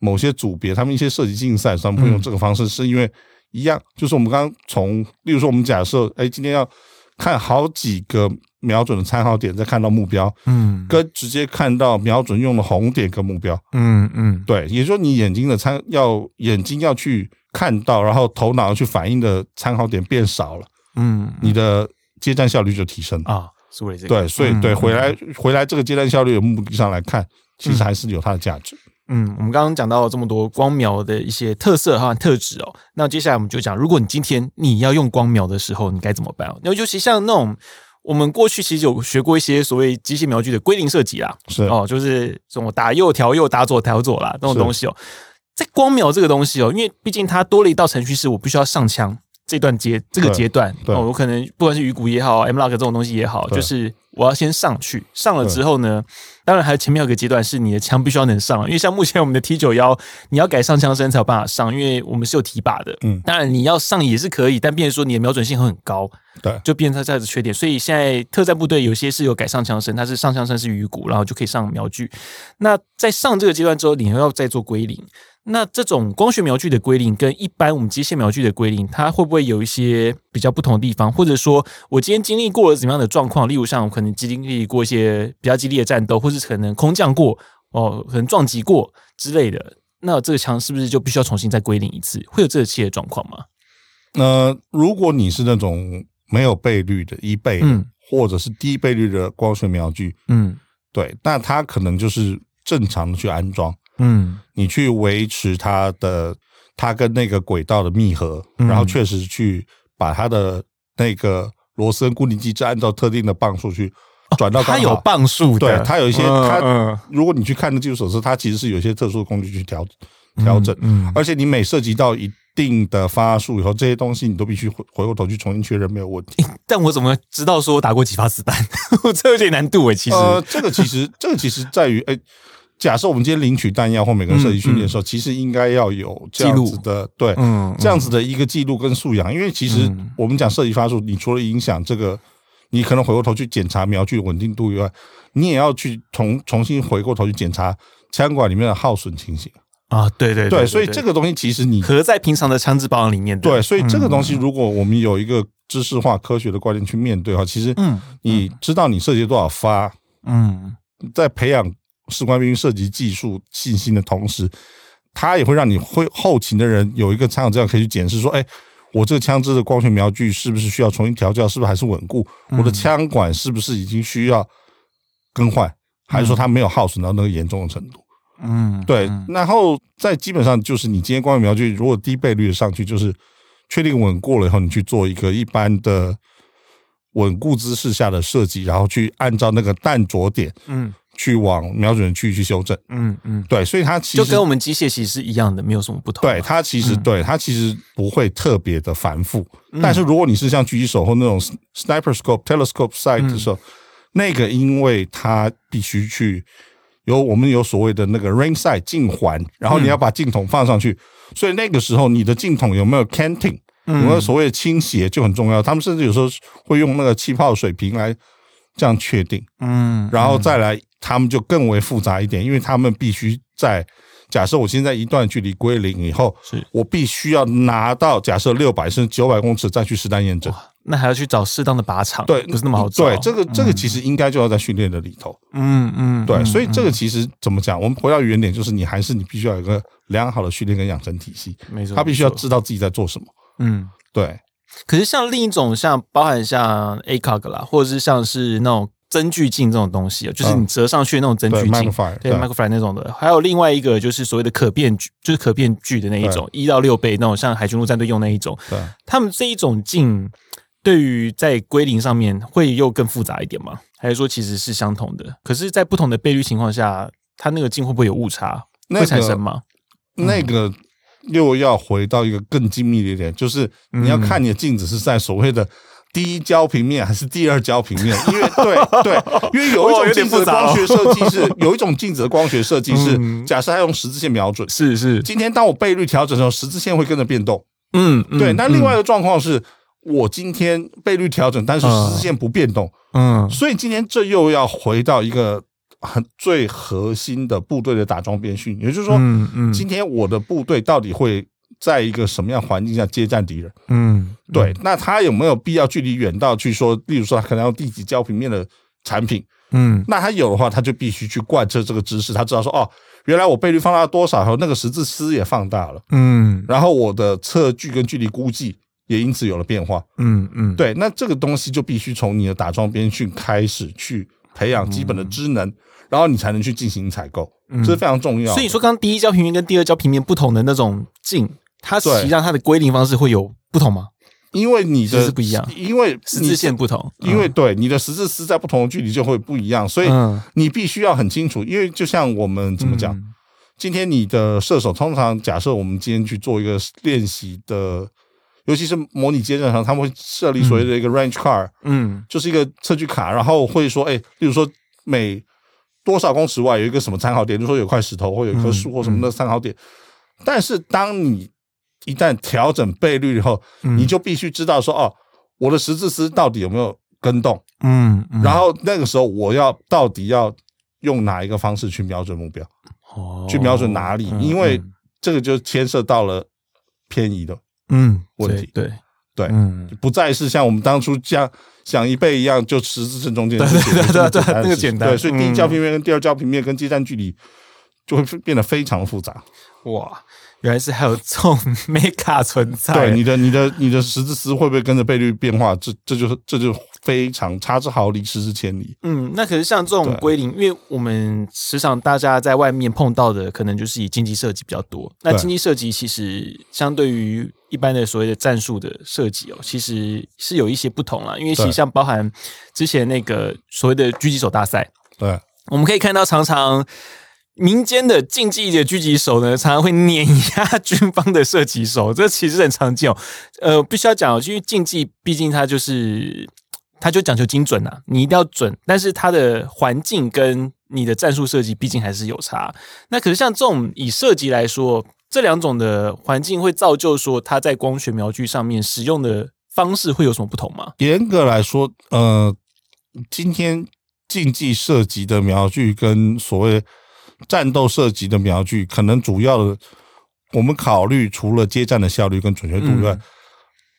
某些組別，他們一些射擊競賽，他們用這個方式，嗯、是因為一樣，就是我們剛剛從，例如說我們假設，哎、欸，今天要看好幾個。瞄準的參考點，再看到目標，嗯，跟直接看到瞄準用的紅點跟目標，嗯嗯，嗯對，也就是說你眼睛的參要眼睛要去看到，然後頭腦要去反應的參考點變少了，嗯，你的接戰效率就提升啊，所以、哦、這個對，所以、嗯、對回來、嗯、回來這個接戰效率的目的上來看，嗯、其實還是有它的價值。嗯，我們剛剛講到了這麼多光瞄的一些特色和特質哦，那接下來我們就講，如果你今天你要用光瞄的時候，你該怎麼辦哦？那就是像那種。我們過去其實有學過一些所謂機械瞄具的歸零設計啦，是哦，就是什麼打右調右，打左調左啦，這種東西哦，是 在光瞄這個東西哦，因為畢竟它多了一道程序，是我必須要上槍這段階這個階段，哦，我可能不管是魚骨也好，M-LOK 這種東西也好，就是我要先上去，上了之後呢，對 嗯當然，還有前面有一個階段是你的槍必須要能上，因為像目前我們的 T 九幺，你要改上槍身才有辦法上，因為我們是有提把的。嗯，當然你要上也是可以，但變成說你的瞄準性很高，對，就變成這樣子缺點。所以現在特戰部隊有些是有改上槍身，它是上槍身是魚骨，然後就可以上瞄具。那在上這個階段之後，你還要再做歸零。那這種光學瞄具的歸零跟一般我們機械瞄具的歸零，它會不會有一些比較不同的地方？或者說，我今天經歷過了怎麼樣的狀況？例如像我可能經歷過一些比較激烈的戰鬥，或是可能空降過，哦，可能撞擊過之類的。那這個槍是不是就必須要重新再歸零一次？會有這些狀況嗎？呃，那如果你是那種沒有倍率的，一倍，嗯，或者是低倍率的光學瞄具，嗯，對，那它可能就是正常的去安裝。嗯，你去維持它的，它跟那個軌道的密合，嗯、然後確實去把它的那個螺絲固定機制按照特定的磅數去轉到。它、哦、有磅數，對，它有一些、呃、它。如果你去看的技術手冊，它其實是有一些特殊的工具去調調整。嗯嗯、而且你每涉及到一定的發數以後，這些東西你都必須回回過頭去重新確認沒有問題。但我怎麼知道說我打過幾發子彈？ 這有點難度誒、欸。其實。呃，這個其實這個其實在於哎。假設我們今天領取彈藥或每個人射擊訓練的時候，嗯嗯、其實應該要有這樣子的，記錄對，嗯、這樣子的一個記錄跟素養。嗯、因為其實我們講射擊發數，嗯、你除了影響這個，嗯、你可能回過頭去檢查瞄具穩定度以外，你也要去重重新回過頭去檢查槍管裡面的耗損情形啊。對對對，對，對，對，所以這個東西其實你可在平常的槍支保養裡面。對，對，所以這個東西如果我們有一個知識化、科學的觀念去面對的話，其實你知道你射擊多少發，嗯，嗯在培養。士官兵射擊技術信心的同時，他也會讓你會後勤的人有一個參考資料，可以去檢視說：哎，我這個槍支的光學瞄具是不是需要重新調校？是不是還是穩固？嗯、我的槍管是不是已經需要更換？還是說它沒有耗損到那個嚴重的程度？嗯，對。嗯、然後再基本上就是你今天光學瞄具如果低倍率上去，就是確定穩固了以後，你去做一個一般的穩固姿勢下的設計，然後去按照那個彈着點，嗯。去往瞄準的區域去修正。嗯，嗯嗯，對，所以它其實就跟我們機械其實是一樣的，沒有什麼不同。對它其實，嗯、對它其實不會特別的繁複。嗯、但是如果你是像狙擊手或那種 sniper scope telescope sight 的時候，嗯、那個因為它必須去有我們有所謂的那個 ring sight 鏡環，然後你要把鏡筒放上去，嗯、所以那個時候你的鏡筒有沒有 canting，有沒有所謂的傾斜就很重要。他、嗯、們甚至有時候會用那個氣泡水平來這樣確定，嗯，然後再來。他們就更為複雜一點，因為他們必須在假設我現在一段距離歸零以後，是我必須要拿到假設六百甚至九百公尺再去實彈驗證、哦。那還要去找適當的靶場，對，不是那麼好做。對，這個這個其實應該就要在訓練的裡頭。嗯嗯，嗯對。嗯嗯、所以這個其實怎麼講？我們回到原點，就是你還是你必須要有一個良好的訓練跟養成體系。沒錯，他必須要知道自己在做什麼。嗯，對。可是像另一種像包含像 ACOG 啦，或者是像是那種。增距鏡這種東西，就是你折上去的那種增距鏡，對，Microfire 那種的。還有另外一個，就是所謂的可變，就是可變距的那一種，一對到六倍那種，像海軍陸戰隊用那一種。對，他們這一種鏡，對於在歸零上面會又更複雜一點嗎？還是說其實是相同的？可是，在不同的倍率情況下，它那個鏡會不會有誤差？那個、會產生嗎？那個又要回到一個更精密的一點，嗯、就是你要看你的鏡子是在所謂的。第一焦平面還是第二焦平面？因為對對，對 因為有一種鏡子的光學設計是，有一種鏡子的光學設計是，哦、有有一種假設它用十字線瞄準，是是。今天當我倍率調整的時候，十字線會跟着變動。嗯，嗯對。那另外一個狀況是、嗯、我今天倍率調整，但是十字線不變動。嗯，所以今天這又要回到一個很最核心的部隊的打裝編訓，也就是說，嗯嗯、今天我的部隊到底會。在一個什麼樣環境下接戰敵人嗯？嗯，對。那他有沒有必要距離遠到去說，例如說他可能要第幾焦平面的產品？嗯，那他有的話，他就必須去貫徹這個知識，他知道說哦，原來我倍率放大了多少，然後那個十字絲也放大了。嗯，然後我的測距跟距離估計也因此有了變化。嗯嗯，嗯對。那這個東西就必須從你的打樁編訓開始去培養基本的知能，嗯，然後你才能去進行採購，嗯，這是非常重要。所以說剛剛第一焦平面跟第二焦平面不同的那種鏡。它其實際上它的歸零方式會有不同嗎？因為你的實不一樣，因為十字線不同，因為對你的十字絲在不同的距離就會不一樣，嗯、所以你必須要很清楚。因為就像我們怎麼講，嗯、今天你的射手通常假設我們今天去做一個練習的，尤其是模擬接戰上，他們會設立所謂的一個 range card 嗯，嗯就是一個測距卡，然後會說，哎、欸，例如說每多少公尺外有一個什麼參考點，就說有塊石頭或有一棵樹或什麼的參考點，嗯、但是當你一旦調整倍率以後，你就必須知道說、嗯、哦，我的十字絲到底有沒有跟動？嗯，嗯然後那個時候我要到底要用哪一個方式去瞄準目標？哦，去瞄準哪裡？嗯、因為這個就牽涉到了偏移的嗯問題，對、嗯、對，對嗯，不再是像我們當初這樣像一倍一樣就十字正中間這。對對對，對對對對，那個簡單。對，嗯、所以第一焦平面跟第二焦平面跟接戰距離就會變得非常複雜。嗯、哇。原來是還有這種沒卡存在。對，你的、你的、你的十字絲會不會跟着倍率變化？這、這就是、這就非常差之毫釐，失之千里。嗯，那可是像這種歸零，對因為我們時常大家在外面碰到的，可能就是以競技設計比較多。那競技設計其實相對於一般的所謂的戰術的設計哦，其實是有一些不同了，因為其實像包含之前那個所謂的狙擊手大賽，對，我們可以看到常常。民間的競技的狙擊手呢，常常會碾壓軍方的射擊手，這其實很常見哦。呃，必須要講，其實競技畢竟它就是，它就講求精準吶，你一定要準。但是它的環境跟你的戰術設計，畢竟還是有差。那可是像這種以射擊來說，這兩種的環境會造就說，它在光學瞄具上面使用的方式會有什麼不同嗎？嚴格來說，呃，今天競技射擊的瞄具跟所謂戰鬥射擊的瞄具，可能主要的我們考慮除了接戰的效率跟準確度以外，嗯、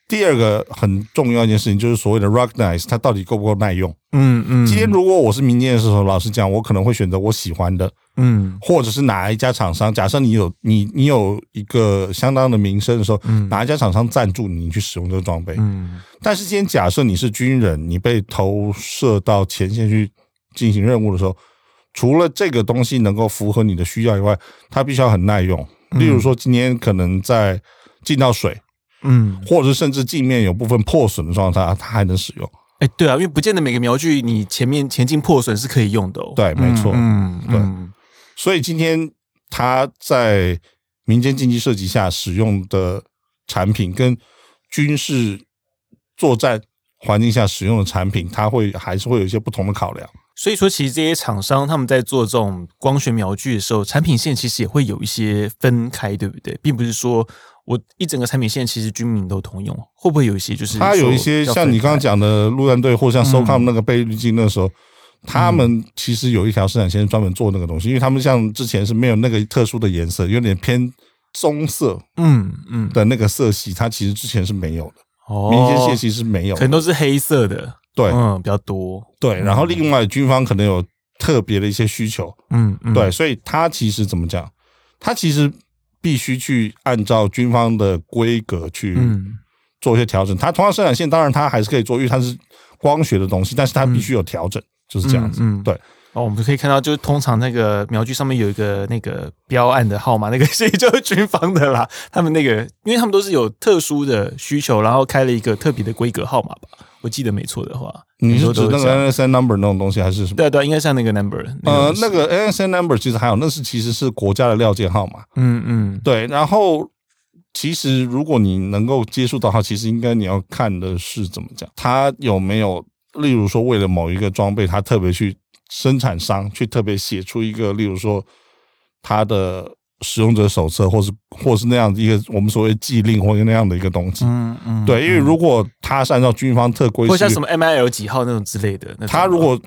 第二個很重要一件事情就是所謂的 recognize，它到底夠不夠耐用？嗯嗯。嗯今天如果我是民間的時候，老實講，我可能會選擇我喜歡的，嗯，或者是哪一家廠商。假設你有你你有一個相當的名聲的時候，嗯、哪一家廠商贊助你，你去使用這個裝備？嗯。但是今天假設你是軍人，你被投射到前線去進行任務的時候。除了這個東西能夠符合你的需要以外，它必須要很耐用。例如說，今天可能在浸到水，嗯，或者是甚至鏡面有部分破損的狀態，它還能使用。哎、欸，對啊，因為不見得每個瞄具你前面前鏡破損是可以用的。哦。對，沒錯、嗯對嗯，嗯，對。所以今天它在民間競技射擊下使用的產品，跟軍事作戰環境下使用的產品，它會還是會有一些不同的考量。所以說，其實這些廠商他們在做這種光學瞄具的時候，產品線其實也會有一些分開，對不對？並不是說我一整個產品線其實軍民都通用，會不會有一些就是？它有一些像你剛剛講的陸戰隊，或像 SOCOM 那個倍率鏡那時候，他們其實有一條生產線專門做那個東西，嗯、因為他們像之前是沒有那個特殊的顏色，有點偏棕色，嗯嗯的那個色系，它、嗯嗯、其實之前是沒有的，哦，民間線其實是沒有，可能都是黑色的。對，嗯，比較多。對，然後另外軍方可能有特別的一些需求，嗯，嗯對，所以他其實怎麼講？他其實必須去按照軍方的規格去做一些調整。它、嗯、同樣生產線，當然它還是可以做，因為它是光學的東西，但是它必須有調整，嗯、就是這樣子。嗯，嗯對。哦，我們可以看到，就是通常那個瞄具上面有一個那個標案的號碼，那個所以就是軍方的啦。他們那個，因為他們都是有特殊的需求，然後開了一個特別的規格號碼吧。我記得沒錯的話，你說指那個 N S N number 那種東西還是什麼？對對、啊，應該像那個 number 那個。呃，那個 N S N number 其實還有，那是其實是國家的料件號碼。嗯嗯，對。然後其實如果你能夠接觸到的話，其實應該你要看的是怎麼講，他有沒有，例如說為了某一個裝備，他特別去生產商去特別寫出一個，例如說他的。使用者手冊，或是或是那樣的一個我們所謂機令，或者那樣的一個東西。嗯嗯，嗯對，因為如果它是按照軍方特規，或像什麼 MIL 幾號那種之類的，他如果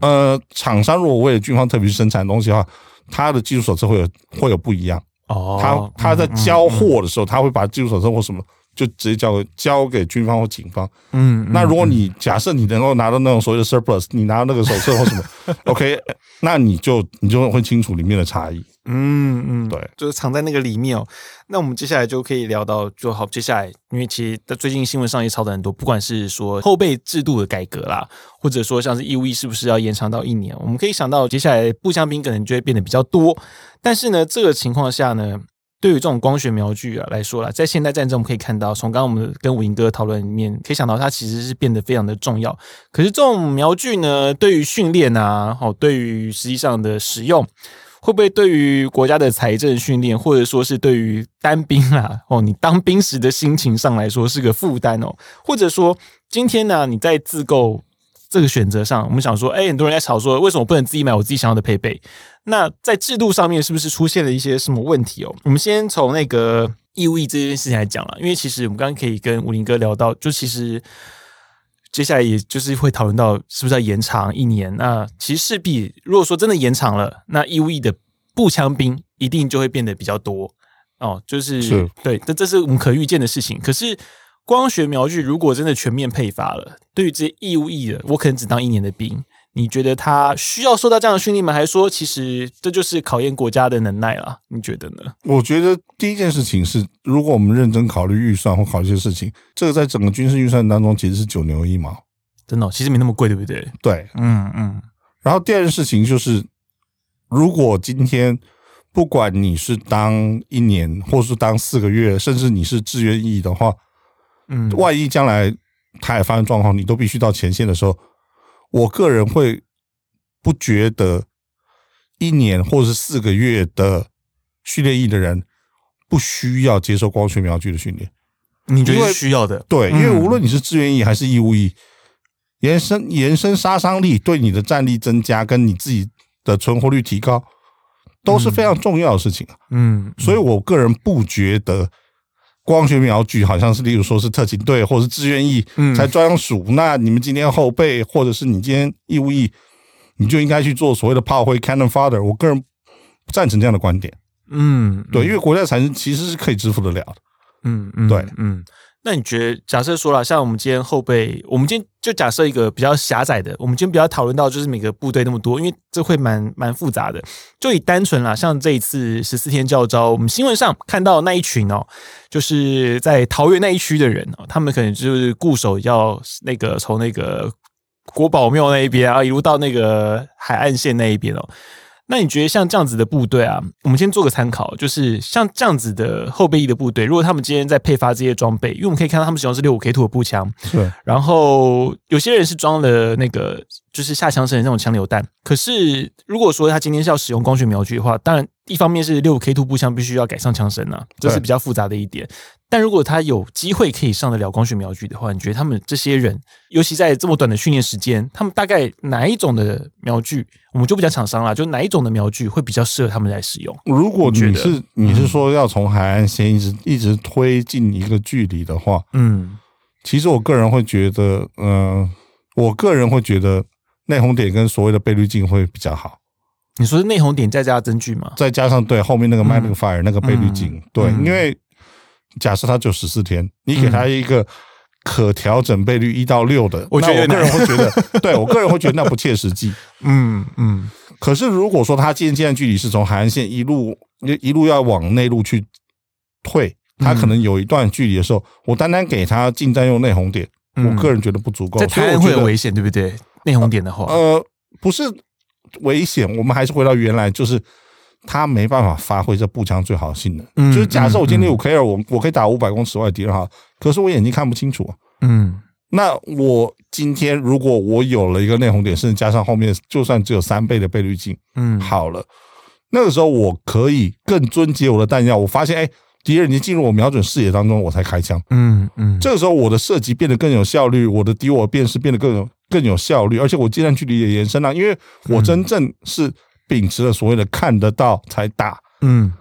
呃廠商如果為了軍方特別生產的東西的話，他的技術手冊會有會有不一樣。哦，他他在交貨的時候，他、嗯嗯、會把技術手冊或什麼、嗯嗯、就直接交給交給軍方或警方。嗯，嗯那如果你假設你能夠拿到那種所謂的 surplus 你拿到那個手冊或什麼 ，OK，那你就你就會清楚裡面的差異。嗯嗯，對、嗯，就是藏在那個裡面哦。那我們接下來就可以聊到，就好。接下來，因為其實在最近新聞上也吵得很多，不管是說後備制度的改革啦，或者說像是義務役是不是要延長到一年，我們可以想到接下來步槍兵可能就會變得比較多。但是呢，這個情況下呢，對於這種光學瞄具啊來說了，在現代戰爭我們可以看到，從剛剛我們跟武靈哥討論裡面，可以想到它其實是變得非常的重要。可是這種瞄具呢，對於訓練啊，好，對於實際上的使用，會不會對於國家的財政訓練，或者說是對於單兵啊，哦，你當兵時的心情上來說是個負擔哦？或者說今天呢、啊，你在自購這個選擇上，我們想說，哎，很多人在吵說，為什麼我不能自己買我自己想要的配備？那在制度上面是不是出現了一些什麼問題哦？我們先從那個義務役這件事情來講啦。因為其實我們剛剛可以跟武靈哥聊到，就其實。接下來也就是會討論到是不是要延長一年？那其實勢必如果說真的延長了，那義務役的步槍兵一定就會變得比較多哦。就是，是對，這這是我們可預見的事情。可是光學瞄具，如果真的全面配發了，對於這些義務役的，我可能只當一年的兵。你覺得他需要受到這樣的訓練嗎？還是說，其實這就是考驗國家的能耐了，啊？你覺得呢？我覺得第一件事情是，如果我們認真考慮預算或考慮一些事情，這個在整個軍事預算當中其實是九牛一毛，真的，嗯，其實沒那麼貴，對不對？對，嗯嗯。嗯，然後第二件事情就是，如果今天不管你是當一年，或是當四個月，甚至你是志願役的話，嗯，萬一將來台海發生狀況，你都必須到前線的時候。我個人會不覺得一年或是四個月的訓練役的人不需要接受光學瞄具的訓練，你覺得需要的。對，因為無論你是志願役還是義務役，嗯、延伸延伸殺傷力對你的戰力增加跟你自己的存活率提高都是非常重要的事情，嗯，嗯所以我個人不覺得。光學瞄具好像是，例如說是特勤隊或者是志願役才專屬。那你們今天後備，或者是你今天義務役，你就應該去做所謂的炮灰 cannon fodder。我個人不贊成這樣的觀點。嗯，對，因為國家財政其實是可以支付得了的。嗯嗯，對，嗯。嗯嗯嗯那你覺得，假設說了，像我們今天後背，我們今天就假設一個比較狹窄的，我們今天不要討論到就是每個部隊那麼多，因為這會蠻蠻複雜的。就以單純啦，像這一次十四天教召，我們新聞上看到那一群哦，就是在桃園那一區的人哦，他們可能就是固守要那個從那個國寶廟那一邊啊，一路到那個海岸線那一邊哦。那你覺得像這樣子的部隊啊，我們先做個參考，就是像這樣子的後備役的部隊，如果他們今天在配發這些裝備，因為我們可以看到他們使用的是六五 K two 步槍，對是，然後有些人是裝了那個就是下槍的那種槍榴彈，可是如果說他今天是要使用光學瞄具的話，當然。一方面是六 K Two 步槍必須要改上槍身啊，對 這是比較複雜的一點。但如果他有機會可以上得了光學瞄具的話，你覺得他們這些人，尤其在這麼短的訓練時間，他們大概哪一種的瞄具？我們就不講廠商了，就哪一種的瞄具會比較適合他們來使用？如果你是你是說要從海岸線一直一直推進一個距離的話，嗯，其實我個人會覺得，嗯、呃，我個人會覺得內紅點跟所謂的倍率鏡會比較好。你說是內紅點再加增距嗎？再加上對後面那個 magnifier、嗯、那個倍率鏡，嗯、對，嗯、因為假設它就十四天，你給他一個可調整倍率一到六的，我覺得我個人會覺得，我覺得對我個人會覺得那不切實際。嗯嗯，嗯可是如果說他漸漸距離是從海岸線一路一路要往內陸去退，他可能有一段距離的時候，我單單給他近戰用內紅點，嗯、我個人覺得不足夠，在台灣會有危險，對不對？內紅點的話，呃，不是。危險！我們還是回到原來，就是他沒辦法發揮這步槍最好的性能。嗯、就是假設我今天有 K 二，嗯，我我可以打五百公尺外的敵人哈，可是我眼睛看不清楚。嗯，那我今天如果我有了一個內紅點，甚至加上後面就算只有三倍的倍率鏡，嗯，好了，那個時候我可以更珍惜我的彈藥。我發現，哎。敵人已經進入我瞄準視野當中，我才開槍，嗯。嗯嗯，這個時候我的射擊變得更有效率，我的敵我辨識變得更更有效率，而且我接戰距離也延伸了，因為我真正是秉持了所謂的“看得到才打”嗯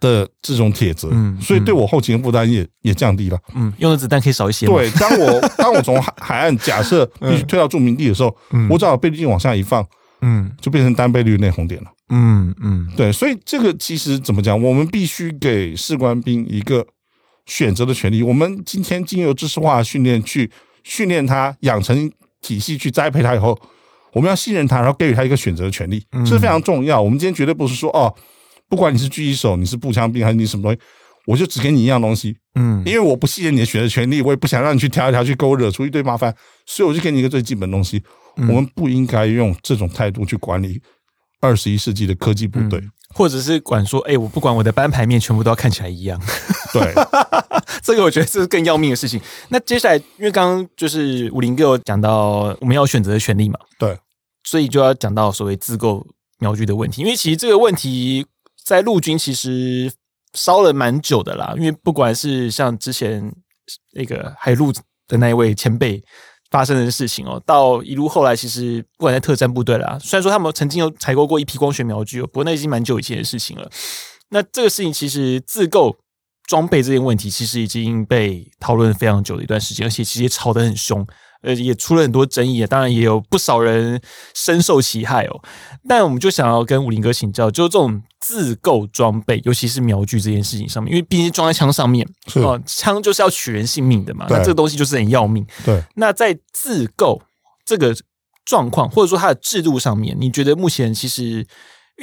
的這種鐵則，嗯，嗯嗯，所以對我後勤的負擔也也降低了。嗯，用的子彈可以少一些。對，當我當我從海海岸假設必須推到住民地的時候，嗯嗯，我只好倍率鏡往下一放，嗯，就變成單倍率內紅點了。嗯嗯，嗯對，所以這個其實怎麼講？我們必須給士官兵一個選擇的權利。我們今天經由知識化訓練去訓練他，養成體系去栽培他以後，我們要信任他，然後給予他一個選擇的權利，這、嗯、是非常重要。我們今天絕對不是說哦，不管你是狙擊手，你是步槍兵，還是你什麼東西，我就只給你一樣東西。嗯，因為我不信任你的選擇權利，我也不想讓你去挑一挑去給我惹出一堆麻煩，所以我就給你一個最基本的東西。嗯、我們不應該用這種態度去管理。二十一世紀的科技部隊、嗯，或者是管說，哎、欸，我不管我的班牌面全部都要看起來一樣。對， 這個我覺得這是更要命的事情。那接下來，因為剛剛就是武靈哥講到我們要選擇的權利嘛，對，所以就要講到所謂自購瞄具的問題。因為其實這個問題在陸軍其實燒了蠻久的啦，因為不管是像之前那個海陸的那一位前輩。發生的事情哦，到一路後來，其實不管在特戰部隊啦，啊，雖然說他們曾經有採購過一批光學瞄具，哦，不過那已經蠻久以前的事情了。那這個事情其實自購裝備這件問題，其實已經被討論非常久的一段時間，而且其實也吵得很兇，呃，也出了很多爭議啊。當然也有不少人深受其害哦。但我們就想要跟武靈哥請教，就是，這種。自購裝備，尤其是瞄具這件事情上面，因為畢竟裝在槍上面是哦，槍就是要取人性命的嘛，對那這個東西就是很要命。對，那在自購這個狀況，或者說它的制度上面，你覺得目前其實，因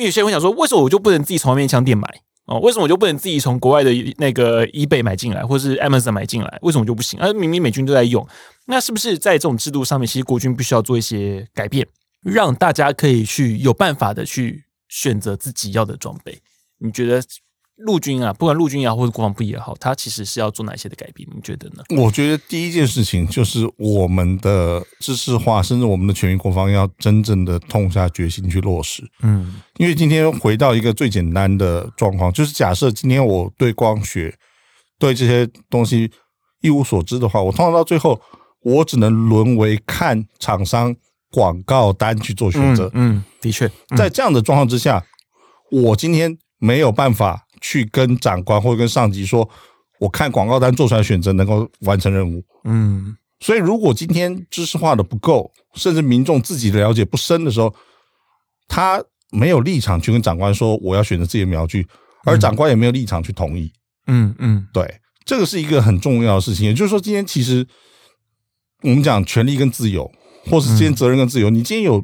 為有些人會想說，為什麼我就不能自己從外面槍店買哦，為什麼我就不能自己從國外的那個 eBay 買進來，或者是 Amazon 買進來？為什麼就不行？而、啊、明明美軍都在用，那是不是在這種制度上面，其實國軍必須要做一些改變，讓大家可以去有辦法的去？選擇自己要的裝備，你覺得陸軍啊，不管陸軍也好或者國防部也好，他其實是要做哪些的改變？你覺得呢？我覺得第一件事情就是我們的知識化，甚至我們的全域國防要真正的痛下決心去落實。嗯，因為今天回到一個最簡單的狀況，就是假設今天我對光學對這些東西一無所知的話，我通常到最後我只能淪為看廠商廣告單去做選擇。嗯，嗯，的確，嗯、在這樣的狀況之下，我今天沒有辦法去跟長官或者跟上級說，我看廣告單做出來的選擇能夠完成任務。嗯，所以如果今天知識化的不夠，甚至民眾自己的了解不深的時候，他沒有立場去跟長官說我要選擇自己的瞄具，而長官也沒有立場去同意。嗯嗯，嗯嗯對，這個是一個很重要的事情，也就是說，今天其實我們講權利跟自由。或是今天責任跟自由，嗯、你今天有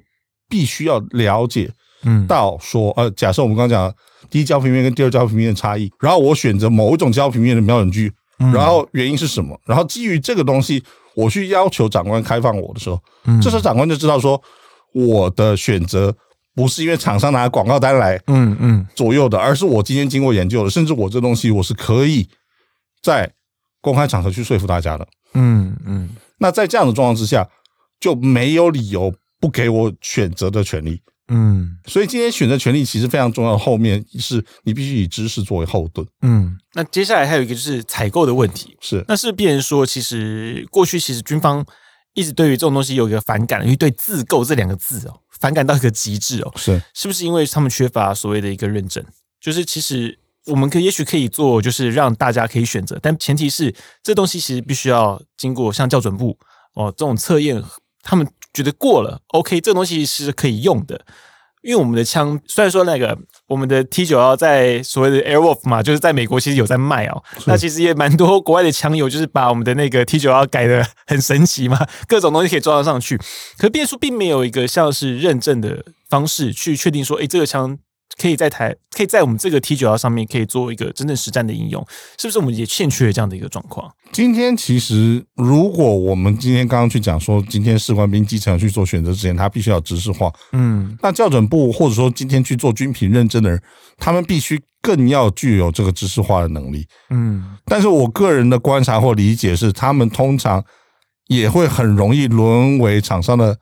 必須要了解，嗯，到說呃，假設我們剛剛講第一焦平面跟第二焦平面的差異，然後我選擇某一種焦平面的瞄準具，嗯、然後原因是什麼？然後基於這個東西，我去要求長官開放我的時候，嗯、這時候長官就知道說我的選擇不是因為廠商拿廣告單來，嗯嗯，左右的，嗯嗯、而是我今天經過研究的，甚至我這東西我是可以在公開場合去說服大家的，嗯嗯。嗯，那在這樣的狀況之下。就沒有理由不給我選擇的權利，嗯，所以今天選擇權利其實非常重要。後面是你必須以知識作為後盾，嗯，那接下來還有一個就是採購的問題，是，那是別人說，其實過去其實軍方一直對於這種東西有一個反感，因為對自購這兩個字哦，喔，反感到一個極致哦，是，是不是因為他們缺乏所謂的一個認證？就是其實我們可以也許可以做，就是讓大家可以選擇，但前提是這東西其實必須要經過像校準部哦、喔，這種測驗。他們覺得過了，OK，這個東西是可以用的，因為我們的槍雖然說那個我們的 T 九幺，在所謂的 Airwolf 嘛，就是在美國其實有在賣哦、喔，是那其實也蠻多國外的槍友就是把我們的那個 T 九幺改的很神奇嘛，各種東西可以裝得上去，可是變數並沒有一個像是認證的方式去確定說，誒、欸，這個槍。可以在台，可以在我們這個 T 九幺上面，可以做一個真正實戰的應用，是不是？我們也欠缺這樣的一個狀況。今天其實，如果我們今天剛剛去講說，今天士官兵基層去做選擇之前，他必須要知識化，嗯，那校準部或者說今天去做軍品認證的人，他們必須更要具有這個知識化的能力，嗯。但是我個人的觀察或理解是，他們通常也會很容易淪為廠商的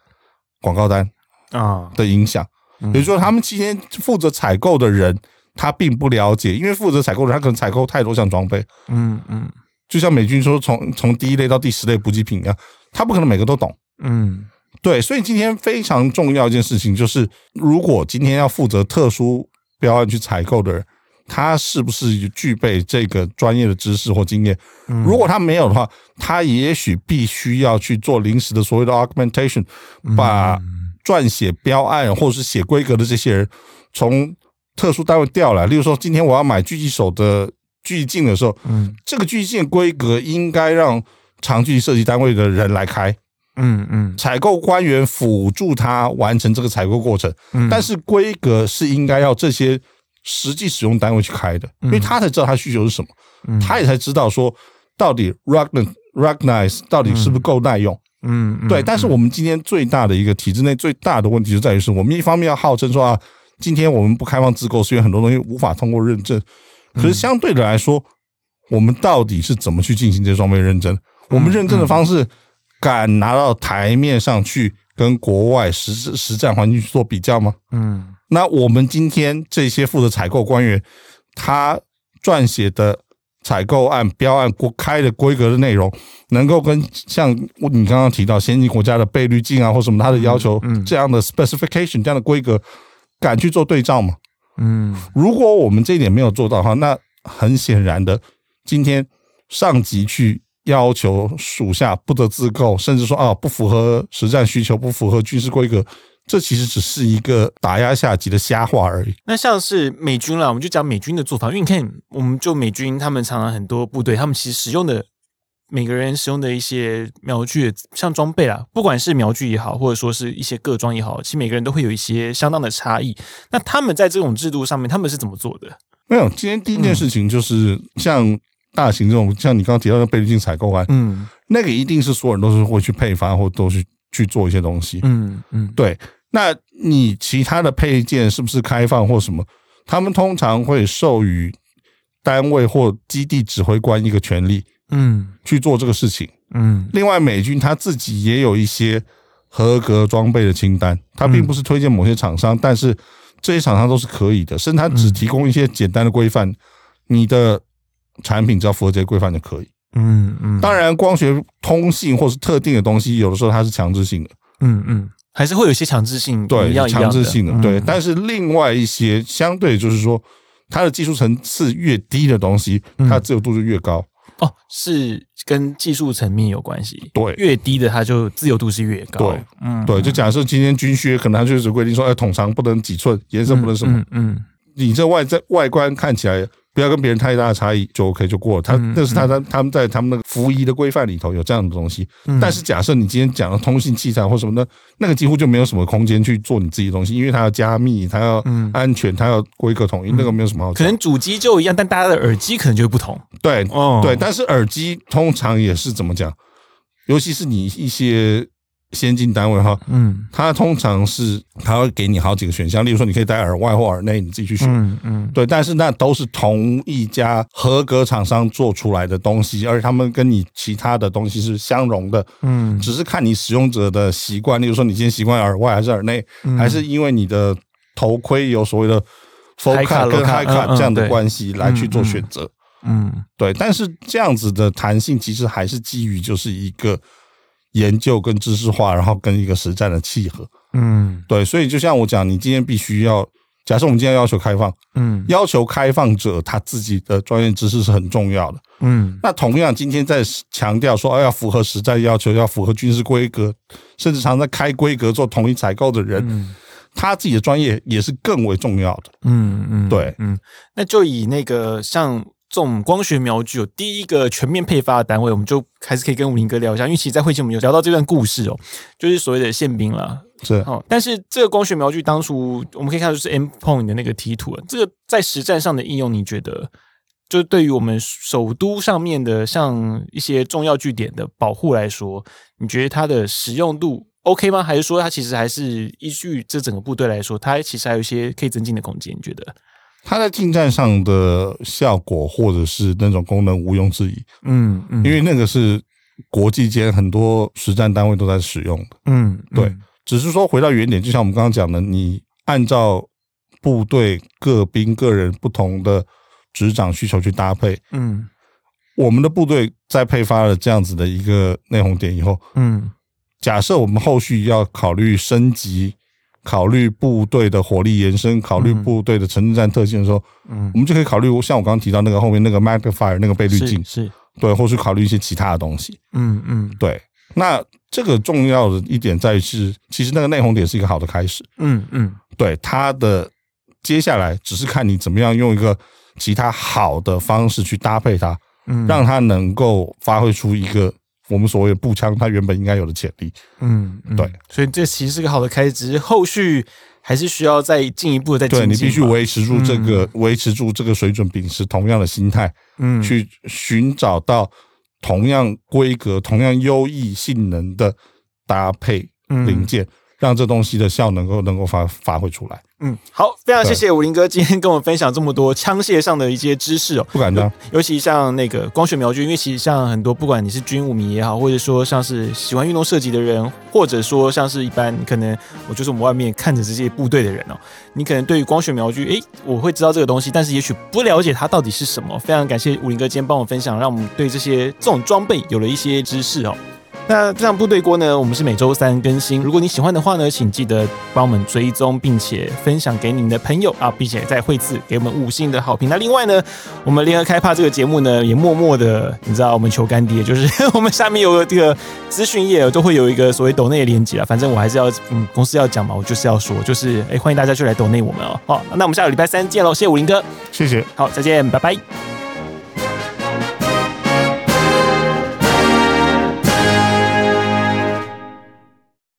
廣告單啊的影響。啊比如說，他們今天負責採購的人，他並不了解，因為負責採購的人他可能採購太多項裝備。嗯嗯，就像美軍說，從從第一類到第十類補給品一樣，他不可能每個都懂。嗯，對。所以今天非常重要一件事情就是，如果今天要負責特殊標案去採購的人，他是不是具備這個專業的知識或經驗？如果他沒有的話，他也許必須要去做臨時的所謂的 augmentation，把。撰寫標案或者是寫規格的這些人，從特殊單位調來。例如說，今天我要買狙擊手的狙擊鏡的時候，嗯，這個狙擊鏡規格應該讓長距離射擊單位的人來開，嗯嗯，採購官員輔助他完成這個採購過程，但是規格是應該要這些實際使用單位去開的，因為他才知道他需求是什麼，他也才知道說到底 Ruggedness Ruggedness 到底是不是夠耐用。嗯嗯嗯嗯，嗯對，但是我們今天最大的一個體制內最大的問題就在於，是我們一方面要號稱說啊，今天我們不開放自購，所以很多東西無法通過認證，可是相對的來說，嗯，我們到底是怎麼去進行這裝備認證？我們認證的方式敢拿到台面上去跟國外實實戰環境去做比較嗎？嗯，那我們今天這些負責採購官員，他撰寫的。採購案標案國開的規格的內容，能夠跟像你剛剛提到先進國家的倍率鏡啊或什麼它的要求、嗯嗯、這樣的 specification 這樣的規格敢去做對照嗎？嗯，如果我們這一點沒有做到的話，那很顯然的，今天上級去要求屬下不得自購，甚至說啊不符合實戰需求，不符合軍事規格。這其實只是一個打壓下級的瞎話而已。那像是美軍啦，我們就講美軍的做法，因為你看，我們就美軍他們常常很多部隊，他們其實使用的每個人使用的一些瞄具，像裝備啦，不管是瞄具也好，或者說是一些各裝也好，其實每個人都會有一些相當的差異。那他們在這種制度上面，他們是怎麼做的？沒有，今天第一件事情就是像大型這種，嗯、像你剛剛提到的倍鏡採購啊，嗯，那個一定是所有人都是會去配發或都是。去做一些東西嗯，嗯嗯，對。那你其他的配件是不是開放或什麼？他們通常會授予單位或基地指揮官一個權利，嗯，去做這個事情，嗯。嗯，另外，美軍他自己也有一些合格裝備的清單，他並不是推薦某些廠商，嗯，但是這些廠商都是可以的，甚至他只提供一些簡單的規範，你的產品只要符合這些規範就可以。嗯嗯，嗯當然，光學通信或是特定的東西，有的時候它是強制性的嗯。嗯嗯，還是會有些強制性，對，要強制性的，嗯、對。但是另外一些相對，就是說它的技術層次越低的東西，它自由度就越高，嗯。哦，是跟技術層面有關係。對，越低的它就自由度是越高。對，嗯。對，就假設今天軍靴可能它就是規定說，哎，筒長不能幾寸，顏色不能什麼，嗯，嗯嗯你這外在外觀看起來。不要跟別人太大的差異就 OK 就過了，他那、嗯、是他他他們在他們那個服儀的規範裡頭有這樣的東西。嗯、但是假設你今天講的通信器材或什麼的，那個幾乎就沒有什麼空間去做你自己的東西，因為它要加密，它要安全，它、嗯、要規格統一，那個沒有什麼好處、嗯嗯。可能主機就一樣，但大家的耳機可能就會不同。對，哦、對，但是耳機通常也是怎麼講？尤其是你一些。先進單位哈，嗯，它通常是它會給你好幾個選項，例如說你可以戴耳外或耳內，你自己去選，嗯嗯，嗯對。但是那都是同一家合格廠商做出來的東西，而且他們跟你其他的東西是相容的，嗯，只是看你使用者的習慣，例如說你今天習慣耳外還是耳內，嗯、還是因為你的頭盔有所謂的，Full cut 跟 High cut、uh, uh, 這樣的關係來去做選擇，對對嗯，對，嗯對。但是這樣子的彈性其實還是基於就是一個。研究跟知識化，然後跟一個實戰的契合，嗯，對，所以就像我講，你今天必須要，假設我們今天要求開放，嗯，要求開放者他自己的專業知識是很重要的，嗯，那同樣今天在強調說，哎，要符合實戰要求，要符合軍事規格，甚至常常在開規格做統一採購的人，嗯，他自己的專業也是更為重要的，嗯嗯，對，嗯，對那就以那個像。這種光學瞄具有第一個全面配發的單位，我們就還是可以跟武靈哥聊一下，因為其實在會前我們有聊到這段故事哦、喔，就是所謂的憲兵啦。對，哦，但是這個光學瞄具當初我們可以看到就是 M point 的那個 T 圖，這個在實戰上的應用，你覺得就是對於我們首都上面的像一些重要據點的保護來說，你覺得它的使用度 OK 嗎？還是說它其實還是依據這整個部隊來說，它其實還有一些可以增進的空間？你覺得？它在近戰上的效果，或者是那種功能，毋庸置疑。嗯嗯，因為那個是國際間很多實戰單位都在使用的。嗯，對。只是說回到原點，就像我們剛剛講的，你按照部隊各兵個人不同的執掌需求去搭配。嗯，我們的部隊在配發了這樣子的一個內紅點以後，嗯，假設我們後續要考慮升級。考慮部隊的火力延伸，考慮部隊的城鎮戰特性的時候，嗯，我們就可以考慮像我剛剛提到那個後面那個 magnifier 那個倍率鏡，是，對，或是考慮一些其他的東西，嗯嗯，嗯對。那這個重要的一點在於是，其實那個內紅點是一個好的開始，嗯嗯，嗯對。它的接下來只是看你怎麼樣用一個其他好的方式去搭配它，嗯，讓它能夠發揮出一個。我們所謂的步槍，它原本應該有的潛力。嗯，嗯，對，所以這其實是個好的開始，只是後續還是需要再進一步的再精進。對，你必須維持住這個，嗯，維持住這個水準，秉持同樣的心態，嗯，去尋找到同樣規格、同樣優異性能的搭配零件。嗯讓這東西的效能夠能夠發發揮出來。嗯，好，非常謝謝武林哥今天跟我們分享這麼多槍械上的一些知識哦。不敢當，尤其像那個光學瞄具，因為其實像很多，不管你是軍武迷也好，或者說像是喜歡運動射擊的人，或者說像是一般可能我就是我們外面看着這些部隊的人哦，你可能對於光學瞄具，哎，我會知道這個東西，但是也許不了解它到底是什麼。非常感謝武林哥今天幫我分享，讓我們對這些這種裝備有了一些知識哦。那這場部隊鍋呢，我們是每周三更新。如果你喜歡的話呢，請記得幫我們追蹤，並且分享給你的朋友啊，並且再惠賜給我們五星的好評。那另外呢，我們聯合開發這個節目呢，也默默的，你知道，我們求乾爹，就是我們下面有個這個資訊頁，都會有一個所謂抖內的連結啊。反正我還是要，嗯，公司要講嘛，我就是要說，就是誒、欸，歡迎大家就來抖內我們哦、喔。好，那我們下個禮拜三見嘍，謝謝武靈哥，謝謝，好，再見，拜拜。